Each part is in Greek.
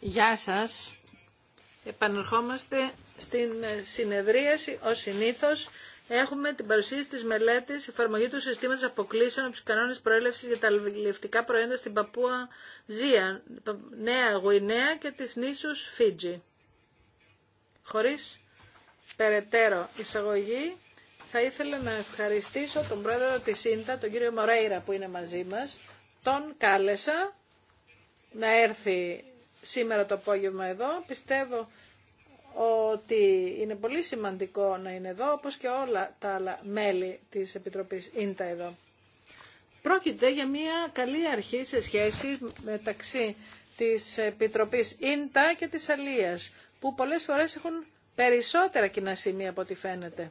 Γεια σας. Επανερχόμαστε στην ε, συνεδρίαση. Ως συνήθως έχουμε την παρουσίαση της μελέτης εφαρμογή του συστήματος αποκλήσεων από τους κανόνες προέλευσης για τα αλληλευτικά προϊόντα στην Παππούα Ζία, Νέα Γουινέα και τη νήσους Φίτζη. Χωρίς περαιτέρω εισαγωγή, θα ήθελα να ευχαριστήσω τον πρόεδρο της ΣΥΝΤΑ, τον κύριο Μορέιρα που είναι μαζί μα. Τον κάλεσα να έρθει σήμερα το απόγευμα εδώ. Πιστεύω ότι είναι πολύ σημαντικό να είναι εδώ, όπως και όλα τα άλλα μέλη της Επιτροπής Ίντα εδώ. Πρόκειται για μια καλή αρχή σε σχέση μεταξύ της Επιτροπής Ίντα και της Αλίας, που πολλές φορές έχουν περισσότερα κοινά σημεία από ό,τι φαίνεται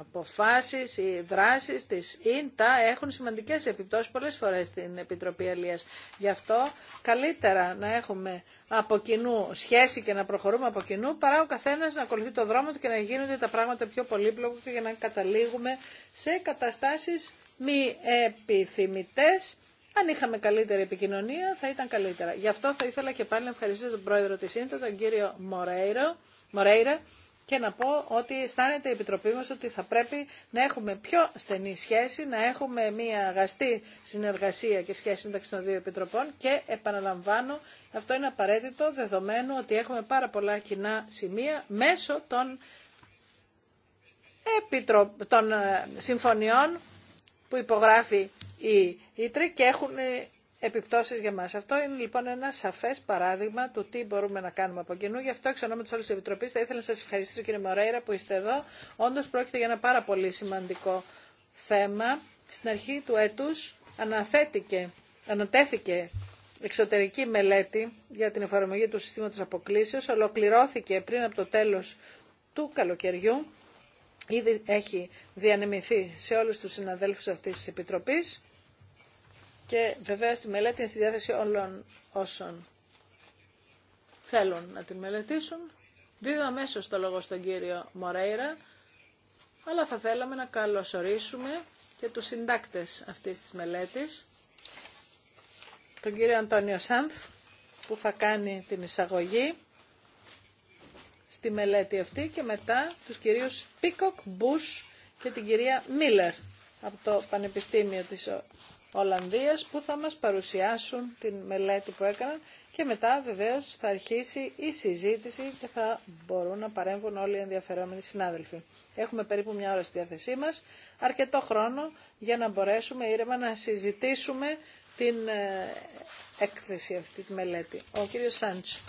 αποφάσεις οι δράσεις της ΙΝΤΑ έχουν σημαντικές επιπτώσεις πολλές φορές στην Επιτροπή Αλίας. Γι' αυτό καλύτερα να έχουμε από κοινού σχέση και να προχωρούμε από κοινού παρά ο καθένας να ακολουθεί το δρόμο του και να γίνονται τα πράγματα πιο πολύπλοκα και να καταλήγουμε σε καταστάσεις μη επιθυμητές. Αν είχαμε καλύτερη επικοινωνία θα ήταν καλύτερα. Γι' αυτό θα ήθελα και πάλι να ευχαριστήσω τον πρόεδρο της ΙΝΤΑ, τον κύριο Μορέιρα, και να πω ότι αισθάνεται η Επιτροπή μας ότι θα πρέπει να έχουμε πιο στενή σχέση, να έχουμε μια αγαστή συνεργασία και σχέση μεταξύ των δύο Επιτροπών και επαναλαμβάνω, αυτό είναι απαραίτητο δεδομένου ότι έχουμε πάρα πολλά κοινά σημεία μέσω των, επιτρο... των ε, συμφωνιών που υπογράφει η ιτρί και έχουν ε, επιπτώσεις για μας. Αυτό είναι λοιπόν ένα σαφές παράδειγμα του τι μπορούμε να κάνουμε από κοινού. Γι' αυτό εξ ονόματος όλης τη Επιτροπής θα ήθελα να σας ευχαριστήσω κύριε Μορέιρα που είστε εδώ. Όντως πρόκειται για ένα πάρα πολύ σημαντικό θέμα. Στην αρχή του έτους αναθέτηκε, ανατέθηκε εξωτερική μελέτη για την εφαρμογή του συστήματος αποκλήσεως. Ολοκληρώθηκε πριν από το τέλος του καλοκαιριού. Ήδη έχει διανεμηθεί σε όλους τους συναδέλφους αυτής της Επιτροπής και βεβαίω τη μελέτη είναι στη διάθεση όλων όσων θέλουν να τη μελετήσουν. Δίδω στο το λόγο στον κύριο Μορέιρα, αλλά θα θέλαμε να καλωσορίσουμε και τους συντάκτες αυτής της μελέτης, τον κύριο Αντώνιο Σάνθ, που θα κάνει την εισαγωγή στη μελέτη αυτή και μετά τους κυρίους Πίκοκ, Μπούς και την κυρία Μίλλερ από το Πανεπιστήμιο της Ολλανδίας που θα μας παρουσιάσουν την μελέτη που έκαναν και μετά βεβαίως θα αρχίσει η συζήτηση και θα μπορούν να παρέμβουν όλοι οι ενδιαφερόμενοι συνάδελφοι. Έχουμε περίπου μια ώρα στη διάθεσή μας, αρκετό χρόνο για να μπορέσουμε ήρεμα να συζητήσουμε την ε, έκθεση αυτή τη μελέτη. Ο κύριος Σάντς,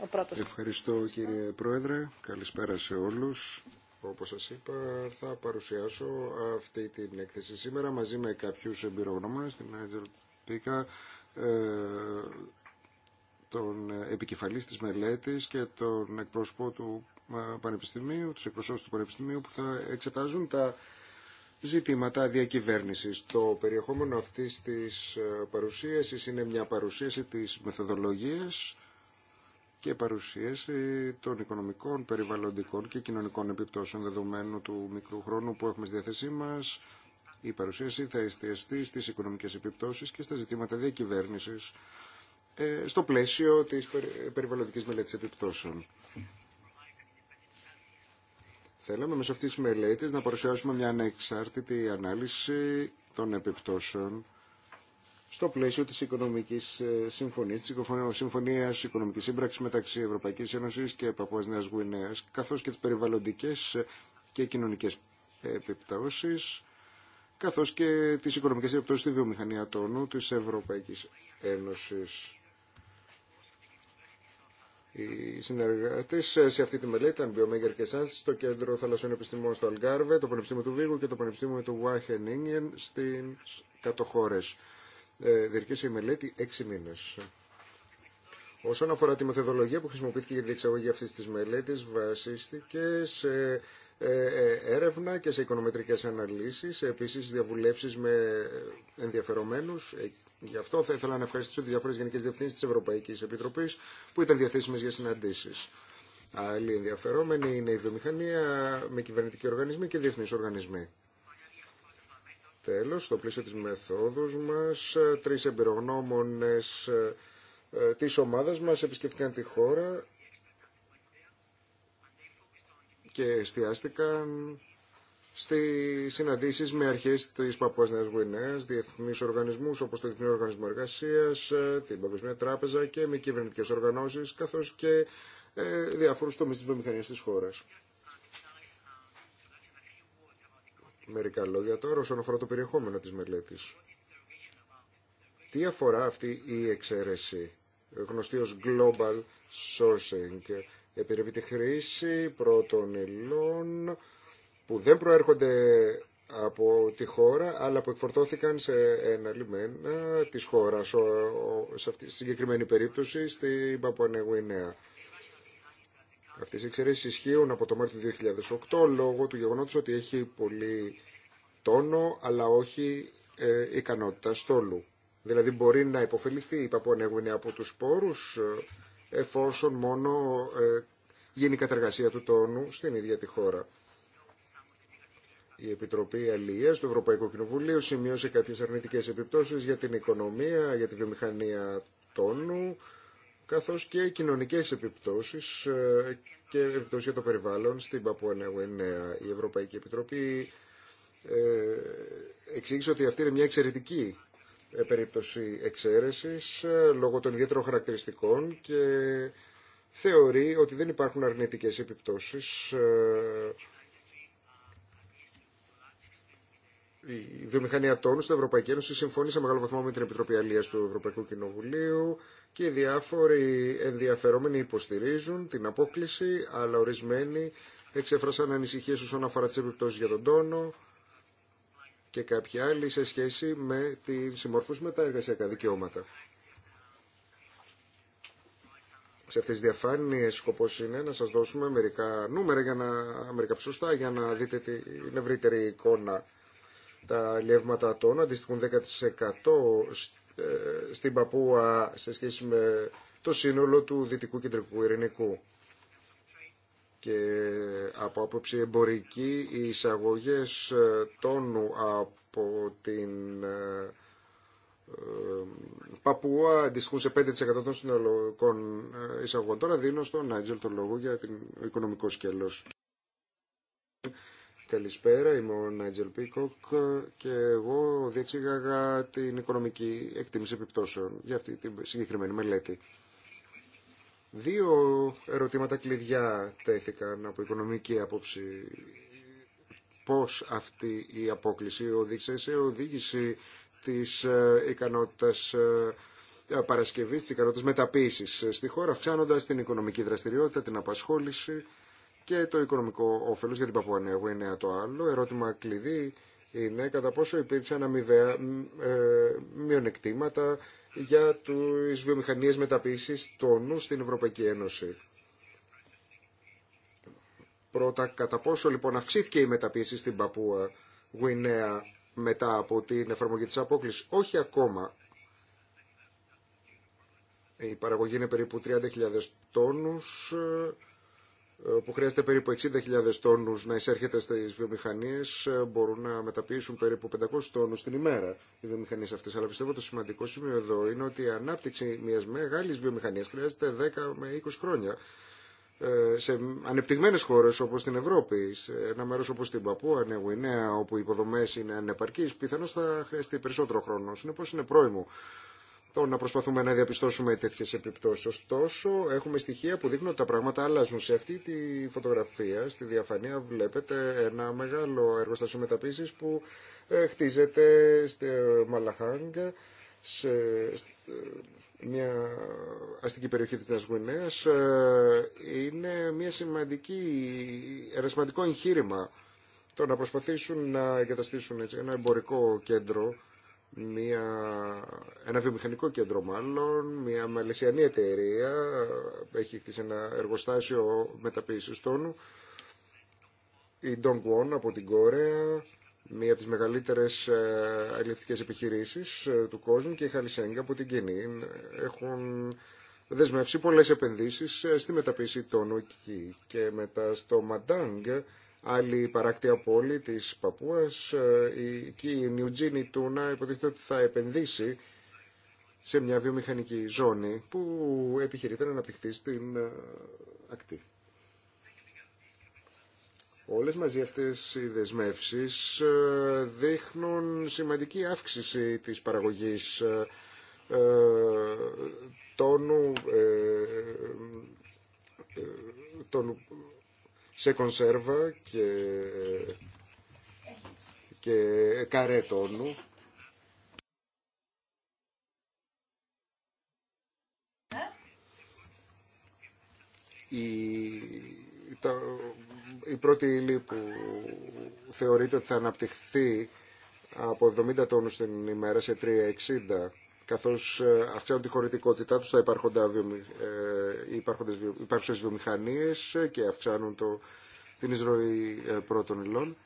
ο πρώτος. Ευχαριστώ κύριε Πρόεδρε, καλησπέρα σε όλους. Όπως σας είπα, θα παρουσιάσω αυτή την έκθεση σήμερα μαζί με κάποιους εμπειρογνώμονες, την Άγγελ Πίκα, ε, τον επικεφαλής της μελέτης και τον εκπρόσωπο του ε, Πανεπιστημίου, τους εκπροσώπους του Πανεπιστημίου που θα εξετάζουν τα ζητήματα διακυβέρνησης. Το περιεχόμενο αυτής της ε, παρουσίασης είναι μια παρουσίαση της μεθοδολογίας και παρουσίαση των οικονομικών, περιβαλλοντικών και κοινωνικών επιπτώσεων δεδομένου του μικρού χρόνου που έχουμε στη διάθεσή μας. Η παρουσίαση θα εστιαστεί στις οικονομικές επιπτώσεις και στα ζητήματα διακυβέρνησης ε, στο πλαίσιο της περιβαλλοντικής μελέτης επιπτώσεων. Θέλαμε μέσω αυτής της μελέτης να παρουσιάσουμε μια ανεξάρτητη ανάλυση των επιπτώσεων στο πλαίσιο της οικονομικής ε, συμφωνίας, της συμφωνίας οικονομικής σύμπραξης μεταξύ Ευρωπαϊκής Ένωσης και Παπουάς Νέας Γουινέας, καθώς και τις περιβαλλοντικές ε, και κοινωνικές επιπτώσεις, καθώς και τις οικονομικές επιπτώσεις στη βιομηχανία τόνου της Ευρωπαϊκής Ένωσης. Οι συνεργάτε σε αυτή τη μελέτη ήταν Biomaker και Σάντ στο Κέντρο Θαλασσών Επιστημών στο Αλγκάρβε, το Πανεπιστήμιο του Βίγου και το Πανεπιστήμιο του Βάχενίγκεν στι κατοχώρε. Ε, διερκέσει η μελέτη έξι μήνες. Όσον αφορά τη μεθοδολογία που χρησιμοποιήθηκε για τη διεξαγωγή αυτή τη μελέτη, βασίστηκε σε ε, ε, έρευνα και σε οικονομετρικές αναλύσεις, επίσης διαβουλεύσεις με ενδιαφερομένους. Γι' αυτό θα ήθελα να ευχαριστήσω τις διάφορες γενικές διευθύνσεις της Ευρωπαϊκής Επιτροπής που ήταν διαθέσιμες για συναντήσεις. Άλλοι ενδιαφερόμενοι είναι η βιομηχανία με κυβερνητικοί οργανισμοί και διεθνείς οργανισμοί. Τέλος, στο πλαίσιο της μεθόδους μας, τρεις εμπειρογνώμονες ε, της ομάδας μας επισκεφτήκαν τη χώρα και εστιάστηκαν στι συναντήσεις με αρχές της Παππούας Νέας Γουινέας, διεθνείς οργανισμούς όπως το Διεθνή Οργανισμό Εργασίας, ε, την Παγκοσμία Τράπεζα και με κυβερνητικές οργανώσεις, καθώς και ε, διάφορους τομείς της βιομηχανίας της χώρας. μερικά λόγια τώρα όσον αφορά το περιεχόμενο της μελέτης. Τι αφορά αυτή η εξαίρεση, γνωστή ως Global Sourcing, επιρρεπεί τη χρήση πρώτων υλών που δεν προέρχονται από τη χώρα, αλλά που εκφορτώθηκαν σε ένα λιμένα της χώρας, σε αυτή τη συγκεκριμένη περίπτωση στην Ινέα. Αυτές οι εξαιρέσεις ισχύουν από το Μάρτιο 2008 λόγω του γεγονότος ότι έχει πολύ τόνο αλλά όχι ε, ικανότητα στόλου. Δηλαδή μπορεί να υποφεληθεί η Παπουανέγουινη από τους σπόρους ε, εφόσον μόνο ε, γίνει η κατεργασία του τόνου στην ίδια τη χώρα. Η Επιτροπή Αλληλείας του Ευρωπαϊκού Κοινοβουλίου σημείωσε κάποιες αρνητικές επιπτώσεις για την οικονομία, για τη βιομηχανία τόνου, καθώς και κοινωνικές επιπτώσεις ε, και επιπτώσεις για το περιβάλλον στην Παπουανέα Η Ευρωπαϊκή Επιτροπή ε, εξήγησε ότι αυτή είναι μια εξαιρετική ε, περίπτωση εξαίρεσης λόγω των ιδιαίτερων χαρακτηριστικών και θεωρεί ότι δεν υπάρχουν αρνητικές επιπτώσεις η βιομηχανία τόνου στην Ευρωπαϊκή Ένωση συμφωνεί σε μεγάλο βαθμό με την Επιτροπή Αλία του Ευρωπαϊκού Κοινοβουλίου και οι διάφοροι ενδιαφερόμενοι υποστηρίζουν την απόκληση, αλλά ορισμένοι εξέφρασαν ανησυχίε όσον αφορά τι επιπτώσει για τον τόνο και κάποιοι άλλοι σε σχέση με τη συμμορφούς με τα εργασιακά δικαιώματα. Σε αυτές τις διαφάνειες σκοπός είναι να σας δώσουμε μερικά νούμερα, για να, μερικά ψωστά για να δείτε την ευρύτερη εικόνα τα λεύματα των αντιστοιχούν 10% ε, στην Παπούα σε σχέση με το σύνολο του Δυτικού Κεντρικού Ειρηνικού. Και από άποψη εμπορική, οι εισαγωγές ε, τόνου από την ε, Παπούα αντιστοιχούν σε 5% των συνολικών εισαγωγών. Τώρα δίνω στον Νάιτζελ τον λόγο για την οικονομικό σκέλος. Καλησπέρα, είμαι ο Νάιτζελ Πίκοκ και εγώ διεξήγαγα την οικονομική εκτίμηση επιπτώσεων για αυτή τη συγκεκριμένη μελέτη. Δύο ερωτήματα κλειδιά τέθηκαν από οικονομική άποψη. Πώς αυτή η απόκληση οδήγησε σε οδήγηση της ε, ικανότητας ε, παρασκευής, της ικανότητας μεταποίησης στη χώρα, αυξάνοντας την οικονομική δραστηριότητα, την απασχόληση και το οικονομικό όφελος για την νέα, είναι το άλλο. Ερώτημα κλειδί είναι κατά πόσο υπήρξαν αμοιβαία ε, μειονεκτήματα για τις βιομηχανίες μεταποίησης τόνου στην Ευρωπαϊκή Ένωση. Πρώτα, κατά πόσο λοιπόν αυξήθηκε η μεταποίηση στην παππούα Γουινέα μετά από την εφαρμογή της απόκλησης. Όχι ακόμα. Η παραγωγή είναι περίπου 30.000 τόνους ε, ε, που χρειάζεται περίπου 60.000 τόνους να εισέρχεται στις βιομηχανίες ε, μπορούν να μεταποιήσουν περίπου 500 τόνους την ημέρα οι βιομηχανίες αυτές. Αλλά πιστεύω το σημαντικό σημείο εδώ είναι ότι η ανάπτυξη μιας μεγάλης βιομηχανίας χρειάζεται 10 με 20 χρόνια ε, σε ανεπτυγμένες χώρες όπως την Ευρώπη, σε ένα μέρος όπως την Παππούα, Νέα όπου οι υποδομές είναι ανεπαρκείς, πιθανώς θα χρειαστεί περισσότερο χρόνο. Συνεπώς είναι πρόημο το να προσπαθούμε να διαπιστώσουμε τέτοιες επιπτώσεις. Ωστόσο, έχουμε στοιχεία που δείχνουν ότι τα πράγματα αλλάζουν. Σε αυτή τη φωτογραφία, στη διαφανεία, βλέπετε ένα μεγάλο εργοστάσιο μεταπίσης που ε, χτίζεται στη Μαλαχάγκ, σε ε, μια αστική περιοχή της Νέας ε, Είναι μια σημαντική, ένα σημαντικό εγχείρημα το να προσπαθήσουν να εγκαταστήσουν ένα εμπορικό κέντρο μια, ένα βιομηχανικό κέντρο μάλλον, μια μαλαισιανή εταιρεία, έχει χτίσει ένα εργοστάσιο μεταποίησης τόνου, η Dongwon από την Κόρεα, μία από τις μεγαλύτερες ε, αλληλευτικές επιχειρήσεις ε, του κόσμου και η Χαλισέγγα από την κινή. έχουν δεσμεύσει πολλές επενδύσεις ε, στη μεταποίηση τόνου εκεί και μετά στο Μαντάγκ άλλη παράκτια πόλη της Παπούας, ε, η, εκεί Νιουτζίνη Τούνα υποτίθεται ότι θα επενδύσει σε μια βιομηχανική ζώνη που επιχειρείται να αναπτυχθεί στην ε, ακτή. Όλες μαζί αυτές οι δεσμεύσεις ε, δείχνουν σημαντική αύξηση της παραγωγής τόνου, ε, σε κονσέρβα και, και καρέ τόνου. Η, η πρώτη ύλη που θεωρείται ότι θα αναπτυχθεί από 70 τόνους την ημέρα σε 360 καθώς ε, αυξάνουν τη χωρητικότητά τους στα υπάρχοντα ε, υπάρχουσες βιομηχανίες ε, και αυξάνουν το, την εισρωή πρώτων υλών.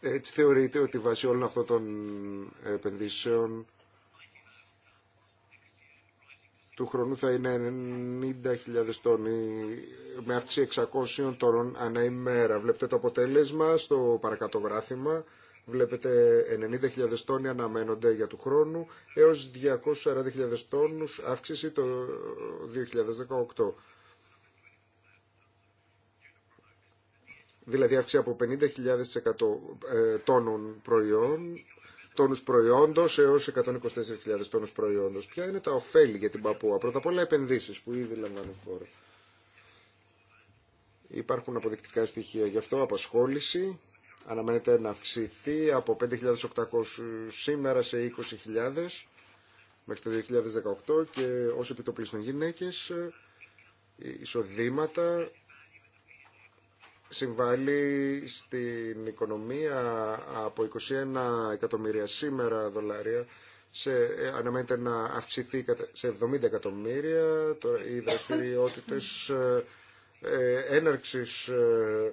Έτσι θεωρείται ότι βάσει όλων αυτών των επενδύσεων του χρόνου θα είναι 90.000 τόνοι με αύξηση 600 τόνων ανά ημέρα. Βλέπετε το αποτέλεσμα στο παρακάτω γράφημα. Βλέπετε 90.000 τόνοι αναμένονται για του χρόνου έως 240.000 τόνους αύξηση το 2018. Δηλαδή αύξηση από 50.000% ε, τόνων προϊόν τόνου προϊόντος έω 124.000 τόνου προϊόντος. Ποια είναι τα ωφέλη για την Παπούα. Πρώτα απ' όλα επενδύσει που ήδη λαμβάνουν χώρα. Υπάρχουν αποδεικτικά στοιχεία γι' αυτό, απασχόληση, αναμένεται να αυξηθεί από 5.800 σήμερα σε 20.000 μέχρι το 2018 και ως επιτοπλίστων γυναίκες εισοδήματα συμβάλλει στην οικονομία από 21 εκατομμύρια σήμερα δολάρια σε, ε, αναμένεται να αυξηθεί σε 70 εκατομμύρια τώρα, οι δραστηριότητε ε, ε, έναρξης ε,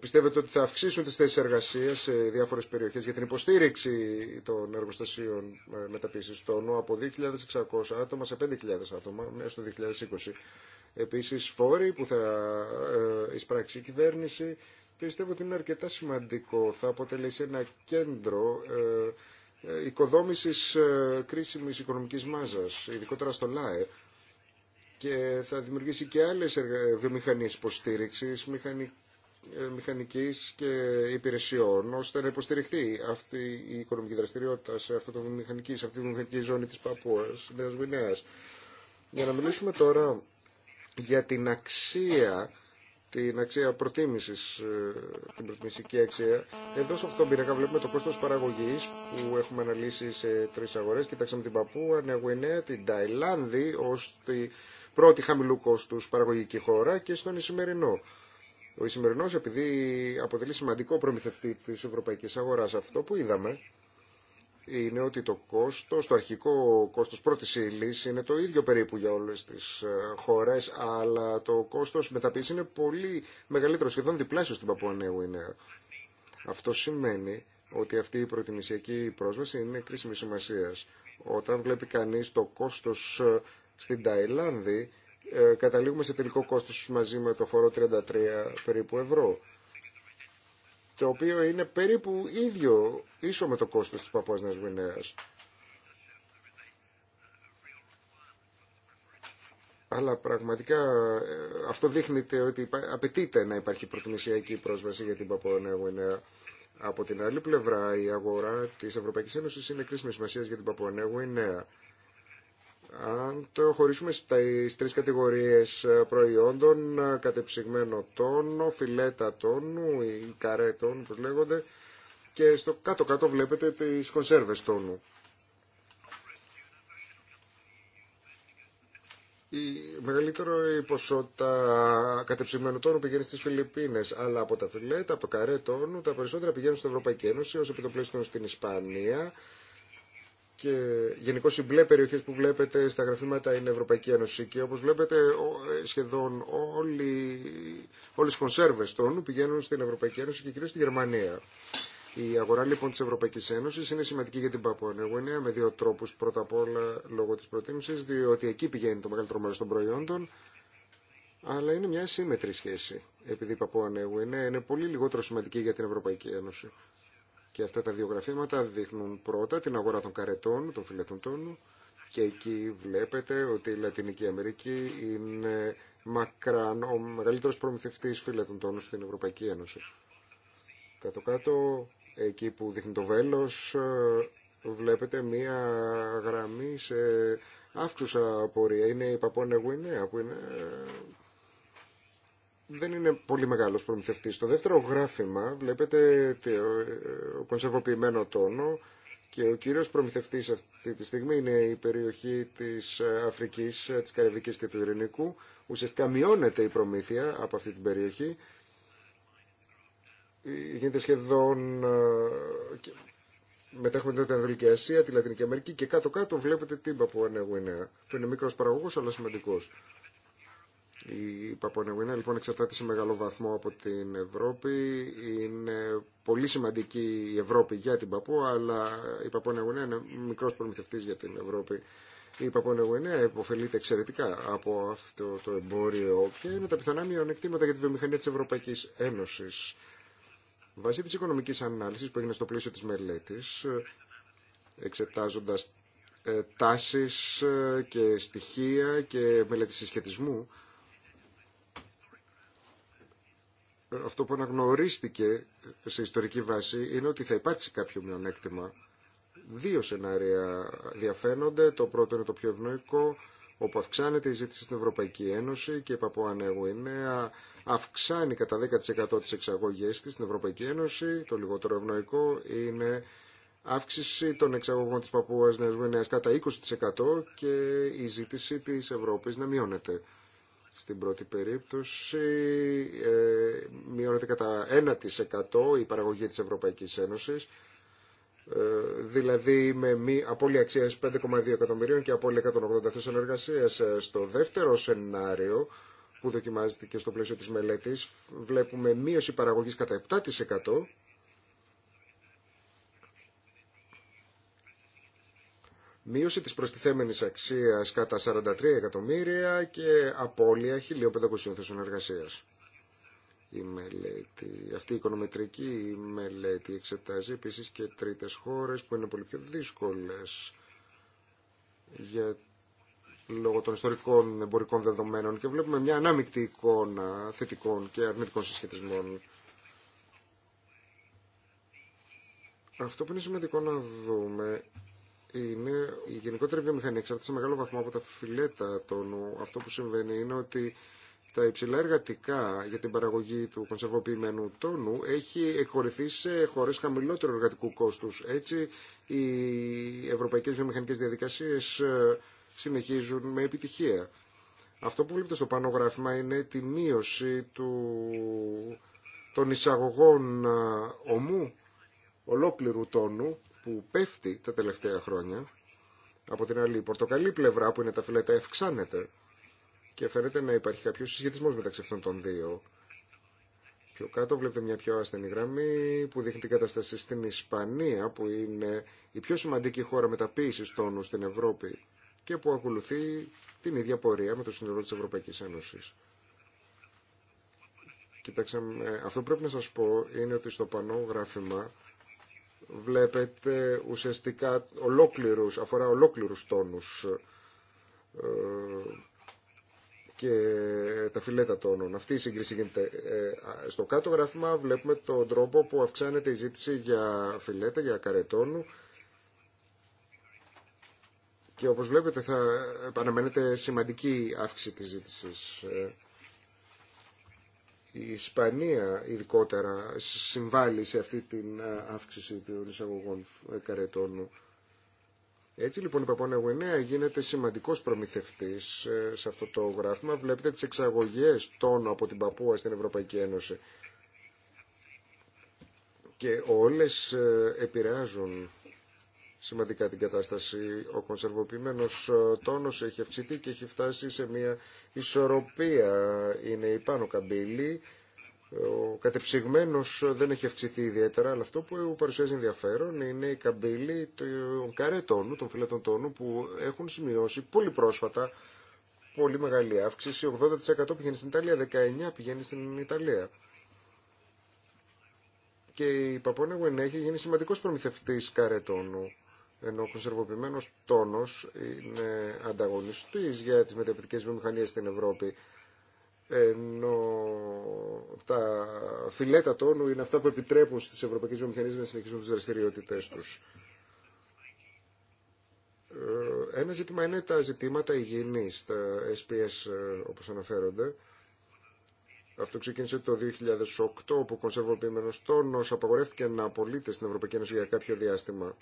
πιστεύετε ότι θα αυξήσουν τις θέσεις εργασίας σε διάφορες περιοχές για την υποστήριξη των εργοστασίων μεταπίσης τόνου από 2.600 άτομα σε 5.000 άτομα μέσα στο 2020 Επίσης φόροι που θα ε, εισπράξει η κυβέρνηση πιστεύω ότι είναι αρκετά σημαντικό. Θα αποτελέσει ένα κέντρο ε, ε, οικοδόμησης κρίσιμης οικονομικής μάζας, ειδικότερα στο ΛΑΕ και θα δημιουργήσει και άλλες βιομηχανίες υποστήριξης, μηχανική μηχανικής και υπηρεσιών ώστε να υποστηριχθεί αυτή η οικονομική δραστηριότητα σε, αυτή τη μηχανική ζώνη της Παππούας, Νέας Γουινέας. Για να μιλήσουμε τώρα για την αξία την αξία προτίμησης, ε, την προτιμησική αξία. Εδώ σε αυτόν τον πίνακα βλέπουμε το κόστος παραγωγής που έχουμε αναλύσει σε τρεις αγορές. Κοιτάξαμε την Παππού, Νέα την Ταϊλάνδη ως την πρώτη χαμηλού κόστους παραγωγική χώρα και στον Ισημερινό. Ο Ισημερινός επειδή αποτελεί σημαντικό προμηθευτή της ευρωπαϊκής αγοράς αυτό που είδαμε είναι ότι το κόστος, το αρχικό κόστος πρώτης ύλη είναι το ίδιο περίπου για όλες τις ε, χώρες, αλλά το κόστος μεταποίηση είναι πολύ μεγαλύτερο, σχεδόν διπλάσιο στην Παπουανέου είναι. Αυτό σημαίνει ότι αυτή η προτιμησιακή πρόσβαση είναι κρίσιμη σημασία. Όταν βλέπει κανείς το κόστος ε, στην Ταϊλάνδη, ε, καταλήγουμε σε τελικό κόστος μαζί με το φορό 33 περίπου ευρώ το οποίο είναι περίπου ίδιο, ίσο με το κόστος της Παππούας Νέας Αλλά πραγματικά ε, αυτό δείχνει ότι απαιτείται να υπάρχει προτιμησιακή πρόσβαση για την Παππούα Νέα Από την άλλη πλευρά, η αγορά της Ευρωπαϊκής Ένωσης είναι κρίσιμη σημασία για την Παππούα Νέα αν το χωρίσουμε στις τρεις κατηγορίες ε, προϊόντων, ε, κατεψυγμένο τόνο, φιλέτα τόνου, ή καρέ τόνου όπως λέγονται, και στο κάτω-κάτω βλέπετε τις κονσέρβες τόνου. Η μεγαλύτερη ποσότητα κατεψυγμένου τόνου πηγαίνει στις Φιλιππίνες, αλλά από τα φιλέτα, από το καρέ τόνου, τα περισσότερα πηγαίνουν στην Ευρωπαϊκή Ένωση, ως επιτοπλίστων στην Ισπανία, και γενικώ οι μπλε περιοχές που βλέπετε στα γραφήματα είναι Ευρωπαϊκή Ένωση και όπω βλέπετε ε, σχεδόν όλε όλες οι κονσέρβες των πηγαίνουν στην Ευρωπαϊκή Ένωση και κυρίω στη Γερμανία. Η αγορά λοιπόν τη Ευρωπαϊκή Ένωση είναι σημαντική για την Παπουανεγουενία με δύο τρόπου Πρώτα απ' όλα λόγω τη προτίμηση, διότι εκεί πηγαίνει το μεγαλύτερο μέρο των προϊόντων, αλλά είναι μια σύμμετρη σχέση, επειδή η είναι, είναι πολύ λιγότερο σημαντική για την Ευρωπαϊκή Ένωση. Και αυτά τα δύο γραφήματα δείχνουν πρώτα την αγορά των καρετών, των φιλετών τόνου και εκεί βλέπετε ότι η Λατινική Αμερική είναι μακράν ο μεγαλύτερος προμηθευτής φιλετών τόνου στην Ευρωπαϊκή Ένωση. Κάτω-κάτω, εκεί που δείχνει το βέλος, βλέπετε μία γραμμή σε αύξουσα πορεία. Είναι η Παπώνε Γουινέα που είναι δεν είναι πολύ μεγάλος προμηθευτής. Στο δεύτερο γράφημα βλέπετε ο κονσερβοποιημένο τόνο και ο κύριος προμηθευτής αυτή τη στιγμή είναι η περιοχή της ε, Αφρικής, ε, της Καραβικής και του Ειρηνικού. Ουσιαστικά μειώνεται η προμήθεια από αυτή την περιοχή. Ε, γίνεται σχεδόν... Μετά έχουμε την Ανατολική Ασία, τη Λατινική Αμερική και κάτω-κάτω βλέπετε την Παπουανέα Γουινέα, που είναι μικρός παραγωγός αλλά σημαντικός. Η Παπονεγουίνα λοιπόν εξαρτάται σε μεγάλο βαθμό από την Ευρώπη. Είναι πολύ σημαντική η Ευρώπη για την Παππού, αλλά η Παπονεγουίνα είναι μικρό προμηθευτή για την Ευρώπη. Η Παπονεγουίνα υποφελείται εξαιρετικά από αυτό το εμπόριο. και είναι τα πιθανά μειονεκτήματα για τη βιομηχανία τη Ευρωπαϊκή Ένωση. Βάσει της οικονομικής ανάλυσης που έγινε στο πλαίσιο της μελέτης, εξετάζοντας ε, τάσεις ε, και στοιχεία και μελέτη συσχετισμού, αυτό που αναγνωρίστηκε σε ιστορική βάση είναι ότι θα υπάρξει κάποιο μειονέκτημα. Δύο σενάρια διαφαίνονται. Το πρώτο είναι το πιο ευνοϊκό, όπου αυξάνεται η ζήτηση στην Ευρωπαϊκή Ένωση και η Παπουανέγου είναι αυξάνει κατά 10% τις εξαγωγές της στην Ευρωπαϊκή Ένωση. Το λιγότερο ευνοϊκό είναι αύξηση των εξαγωγών της Παππούας Νέας κατά 20% και η ζήτηση της Ευρώπης να μειώνεται. Στην πρώτη περίπτωση ε, μειώνεται κατά 1% η παραγωγή της Ευρωπαϊκής Ένωσης, ε, δηλαδή με μη απώλεια αξία 5,2 εκατομμυρίων και απώλεια 180 θέσεων ε, Στο δεύτερο σενάριο που δοκιμάζεται και στο πλαίσιο της μελέτης βλέπουμε μείωση παραγωγής κατά 7% μείωση της προστιθέμενης αξίας κατά 43 εκατομμύρια και απώλεια 1.500 θέσεων εργασίας. Η μελέτη, αυτή η οικονομετρική μελέτη εξετάζει επίσης και τρίτες χώρες που είναι πολύ πιο δύσκολες για λόγω των ιστορικών εμπορικών δεδομένων και βλέπουμε μια ανάμεικτη εικόνα θετικών και αρνητικών συσχετισμών. Αυτό που είναι σημαντικό να δούμε είναι η γενικότερη βιομηχανία εξαρτάται σε μεγάλο βαθμό από τα φιλέτα τόνου. Αυτό που συμβαίνει είναι ότι τα υψηλά εργατικά για την παραγωγή του κονσερβοποιημένου τόνου έχει εκχωρηθεί σε χώρε χαμηλότερου εργατικού κόστου. Έτσι, οι ευρωπαϊκέ βιομηχανικέ διαδικασίε ε, συνεχίζουν με επιτυχία. Αυτό που βλέπετε στο πάνω γράφημα είναι τη μείωση του... των εισαγωγών ε, ομού ολόκληρου τόνου που πέφτει τα τελευταία χρόνια. Από την άλλη, η πορτοκαλή πλευρά που είναι τα φιλέτα ευξάνεται και φαίνεται να υπάρχει κάποιο συσχετισμό μεταξύ αυτών των δύο. Πιο κάτω βλέπετε μια πιο ασθενή γραμμή που δείχνει την κατάσταση στην Ισπανία που είναι η πιο σημαντική χώρα μεταποίηση τόνου στην Ευρώπη και που ακολουθεί την ίδια πορεία με το σύνολο της Ευρωπαϊκής Ένωσης. Κοιτάξτε, αυτό που πρέπει να σας πω είναι ότι στο πανό γράφημα βλέπετε ουσιαστικά ολόκληρους, αφορά ολόκληρους τόνους ε, και τα φιλέτα τόνων. Αυτή η σύγκριση γίνεται. Ε, στο κάτω γράφημα βλέπουμε τον τρόπο που αυξάνεται η ζήτηση για φιλέτα, για καρετόνου και όπως βλέπετε θα επαναμένεται σημαντική αύξηση της ζήτησης. Ε. Η Ισπανία ειδικότερα συμβάλλει σε αυτή την ε, αύξηση των εισαγωγών ε, καρετών. Έτσι λοιπόν η Παπώνα γίνεται σημαντικός προμηθευτής ε, σε αυτό το γράφημα. Βλέπετε τις εξαγωγές τόνου από την Παπούα στην Ευρωπαϊκή Ένωση. Και όλες επηρεάζουν σημαντικά την κατάσταση. Ο κονσερβοποιημένος τόνος έχει αυξηθεί και έχει φτάσει σε μια η ισορροπία είναι η πάνω καμπύλη. Ο κατεψυγμένος δεν έχει αυξηθεί ιδιαίτερα, αλλά αυτό που παρουσιάζει ενδιαφέρον είναι η καμπύλη των φυλατών τόνου, των τόνου, που έχουν σημειώσει πολύ πρόσφατα πολύ μεγάλη αύξηση. 80% πηγαίνει στην Ιταλία, 19% πηγαίνει στην Ιταλία. Και η Παπώνα Γουενέχη έχει γίνει σημαντικός προμηθευτής καρετόνου ενώ ο κονσερβοποιημένο τόνος είναι ανταγωνιστή για τι μεταπητικές βιομηχανίες στην Ευρώπη ενώ τα φιλέτα τόνου είναι αυτά που επιτρέπουν στι ευρωπαϊκές βιομηχανίες να συνεχίσουν τι δραστηριότητε του. Ε, ένα ζήτημα είναι τα ζητήματα υγιεινή, τα SPS ε, όπω αναφέρονται. Αυτό ξεκίνησε το 2008, όπου ο κονσερβοποιημένο τόνος απαγορεύτηκε να απολύεται στην Ευρωπαϊκή Ένωση για κάποιο διάστημα.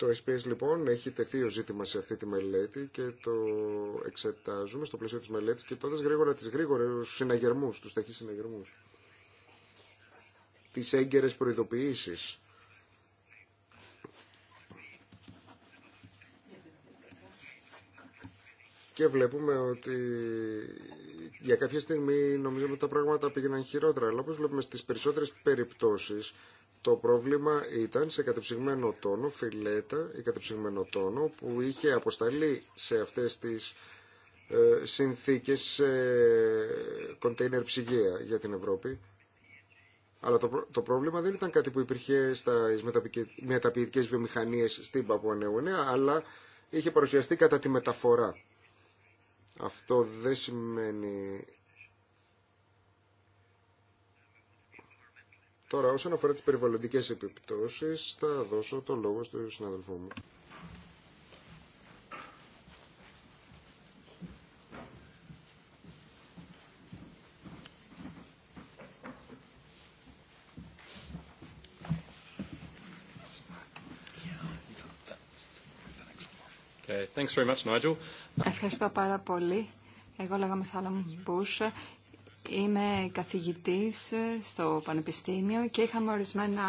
Το SPS λοιπόν έχει τεθεί ο ζήτημα σε αυτή τη μελέτη και το εξετάζουμε στο πλαίσιο της μελέτης και τότε γρήγορα τις γρήγορες συναγερμούς, τους ταχύς συναγερμούς. Τις έγκαιρες προειδοποιήσεις. Και βλέπουμε ότι για κάποια στιγμή νομίζω ότι τα πράγματα πήγαιναν χειρότερα. Αλλά όπως βλέπουμε στις περισσότερες περιπτώσεις το πρόβλημα ήταν σε κατεψυγμένο τόνο, φιλέτα ή κατεψυγμένο τόνο που είχε αποσταλεί σε αυτές τις ε, συνθήκες σε κοντέινερ ψυγεία για την Ευρώπη. Αλλά το, το πρόβλημα δεν ήταν κάτι που υπήρχε στα μεταποιητικές βιομηχανίες στην Παπουανέου αλλά είχε παρουσιαστεί κατά τη μεταφορά. Αυτό δεν σημαίνει Τώρα, όσον αφορά τις περιβαλλοντικές επιπτώσεις, θα δώσω το λόγο στον συναδελφό μου. thanks very much, Nigel. Ευχαριστώ πάρα πολύ. Εγώ λέγαμε Σάλαμ Μπούς Είμαι καθηγητής ε, στο Πανεπιστήμιο και είχαμε ορισμένα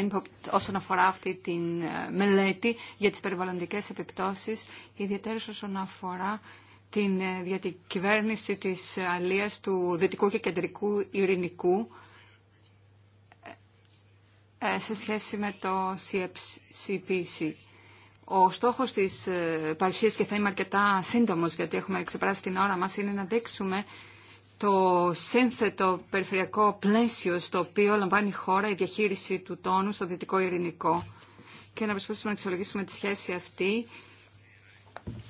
input όσον αφορά αυτή τη ε, μελέτη για τις περιβαλλοντικές επιπτώσεις, ιδιαίτερα όσον αφορά την ε, διακυβέρνηση της αλίας του Δυτικού και Κεντρικού Ειρηνικού σε σχέση με το CPC. Ο στόχος της παρουσίας, και θα είμαι αρκετά σύντομος γιατί έχουμε ξεπεράσει την ώρα μας, είναι να δείξουμε το σύνθετο περιφερειακό πλαίσιο στο οποίο λαμβάνει η χώρα η διαχείριση του τόνου στο Δυτικό Ειρηνικό και να προσπαθήσουμε να εξολογήσουμε τη σχέση αυτή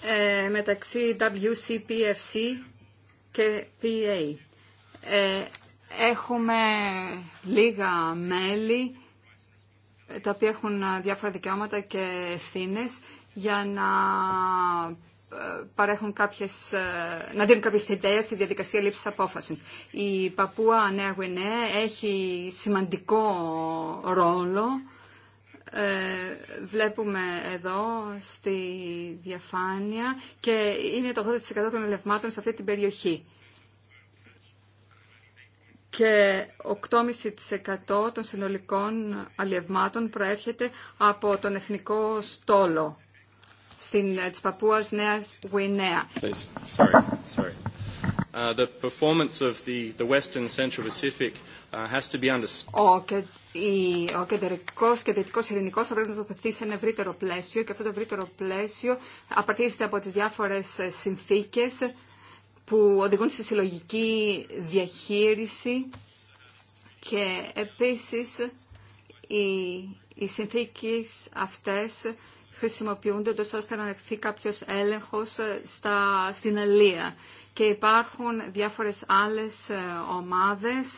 ε, μεταξύ WCPFC και PA. Ε, έχουμε λίγα μέλη τα οποία έχουν διάφορα δικαιώματα και ευθύνες για να παρέχουν κάποιες, ε, να δίνουν κάποιες ιδέες στη διαδικασία λήψης απόφασης. Η Παπούα Νέα Γουινέ έχει σημαντικό ρόλο. Ε, βλέπουμε εδώ στη διαφάνεια και είναι το 80% των ελευμάτων σε αυτή την περιοχή και 8,5% των συνολικών αλλιευμάτων προέρχεται από τον εθνικό στόλο στην, ε, της Παππούας Νέας Γουινέα. Ο, κεντρικό κεντρικός και δυτικός ειρηνικός θα πρέπει να τοποθετηθεί σε ένα ευρύτερο πλαίσιο και αυτό το ευρύτερο πλαίσιο απαρτίζεται από τις διάφορες ε, συνθήκες που οδηγούν στη συλλογική διαχείριση και επίσης οι, οι συνθήκες αυτές χρησιμοποιούνται ώστε να ανεχθεί κάποιος έλεγχος ε, στα, στην αλία. Και υπάρχουν διάφορες άλλες ε, ομάδες,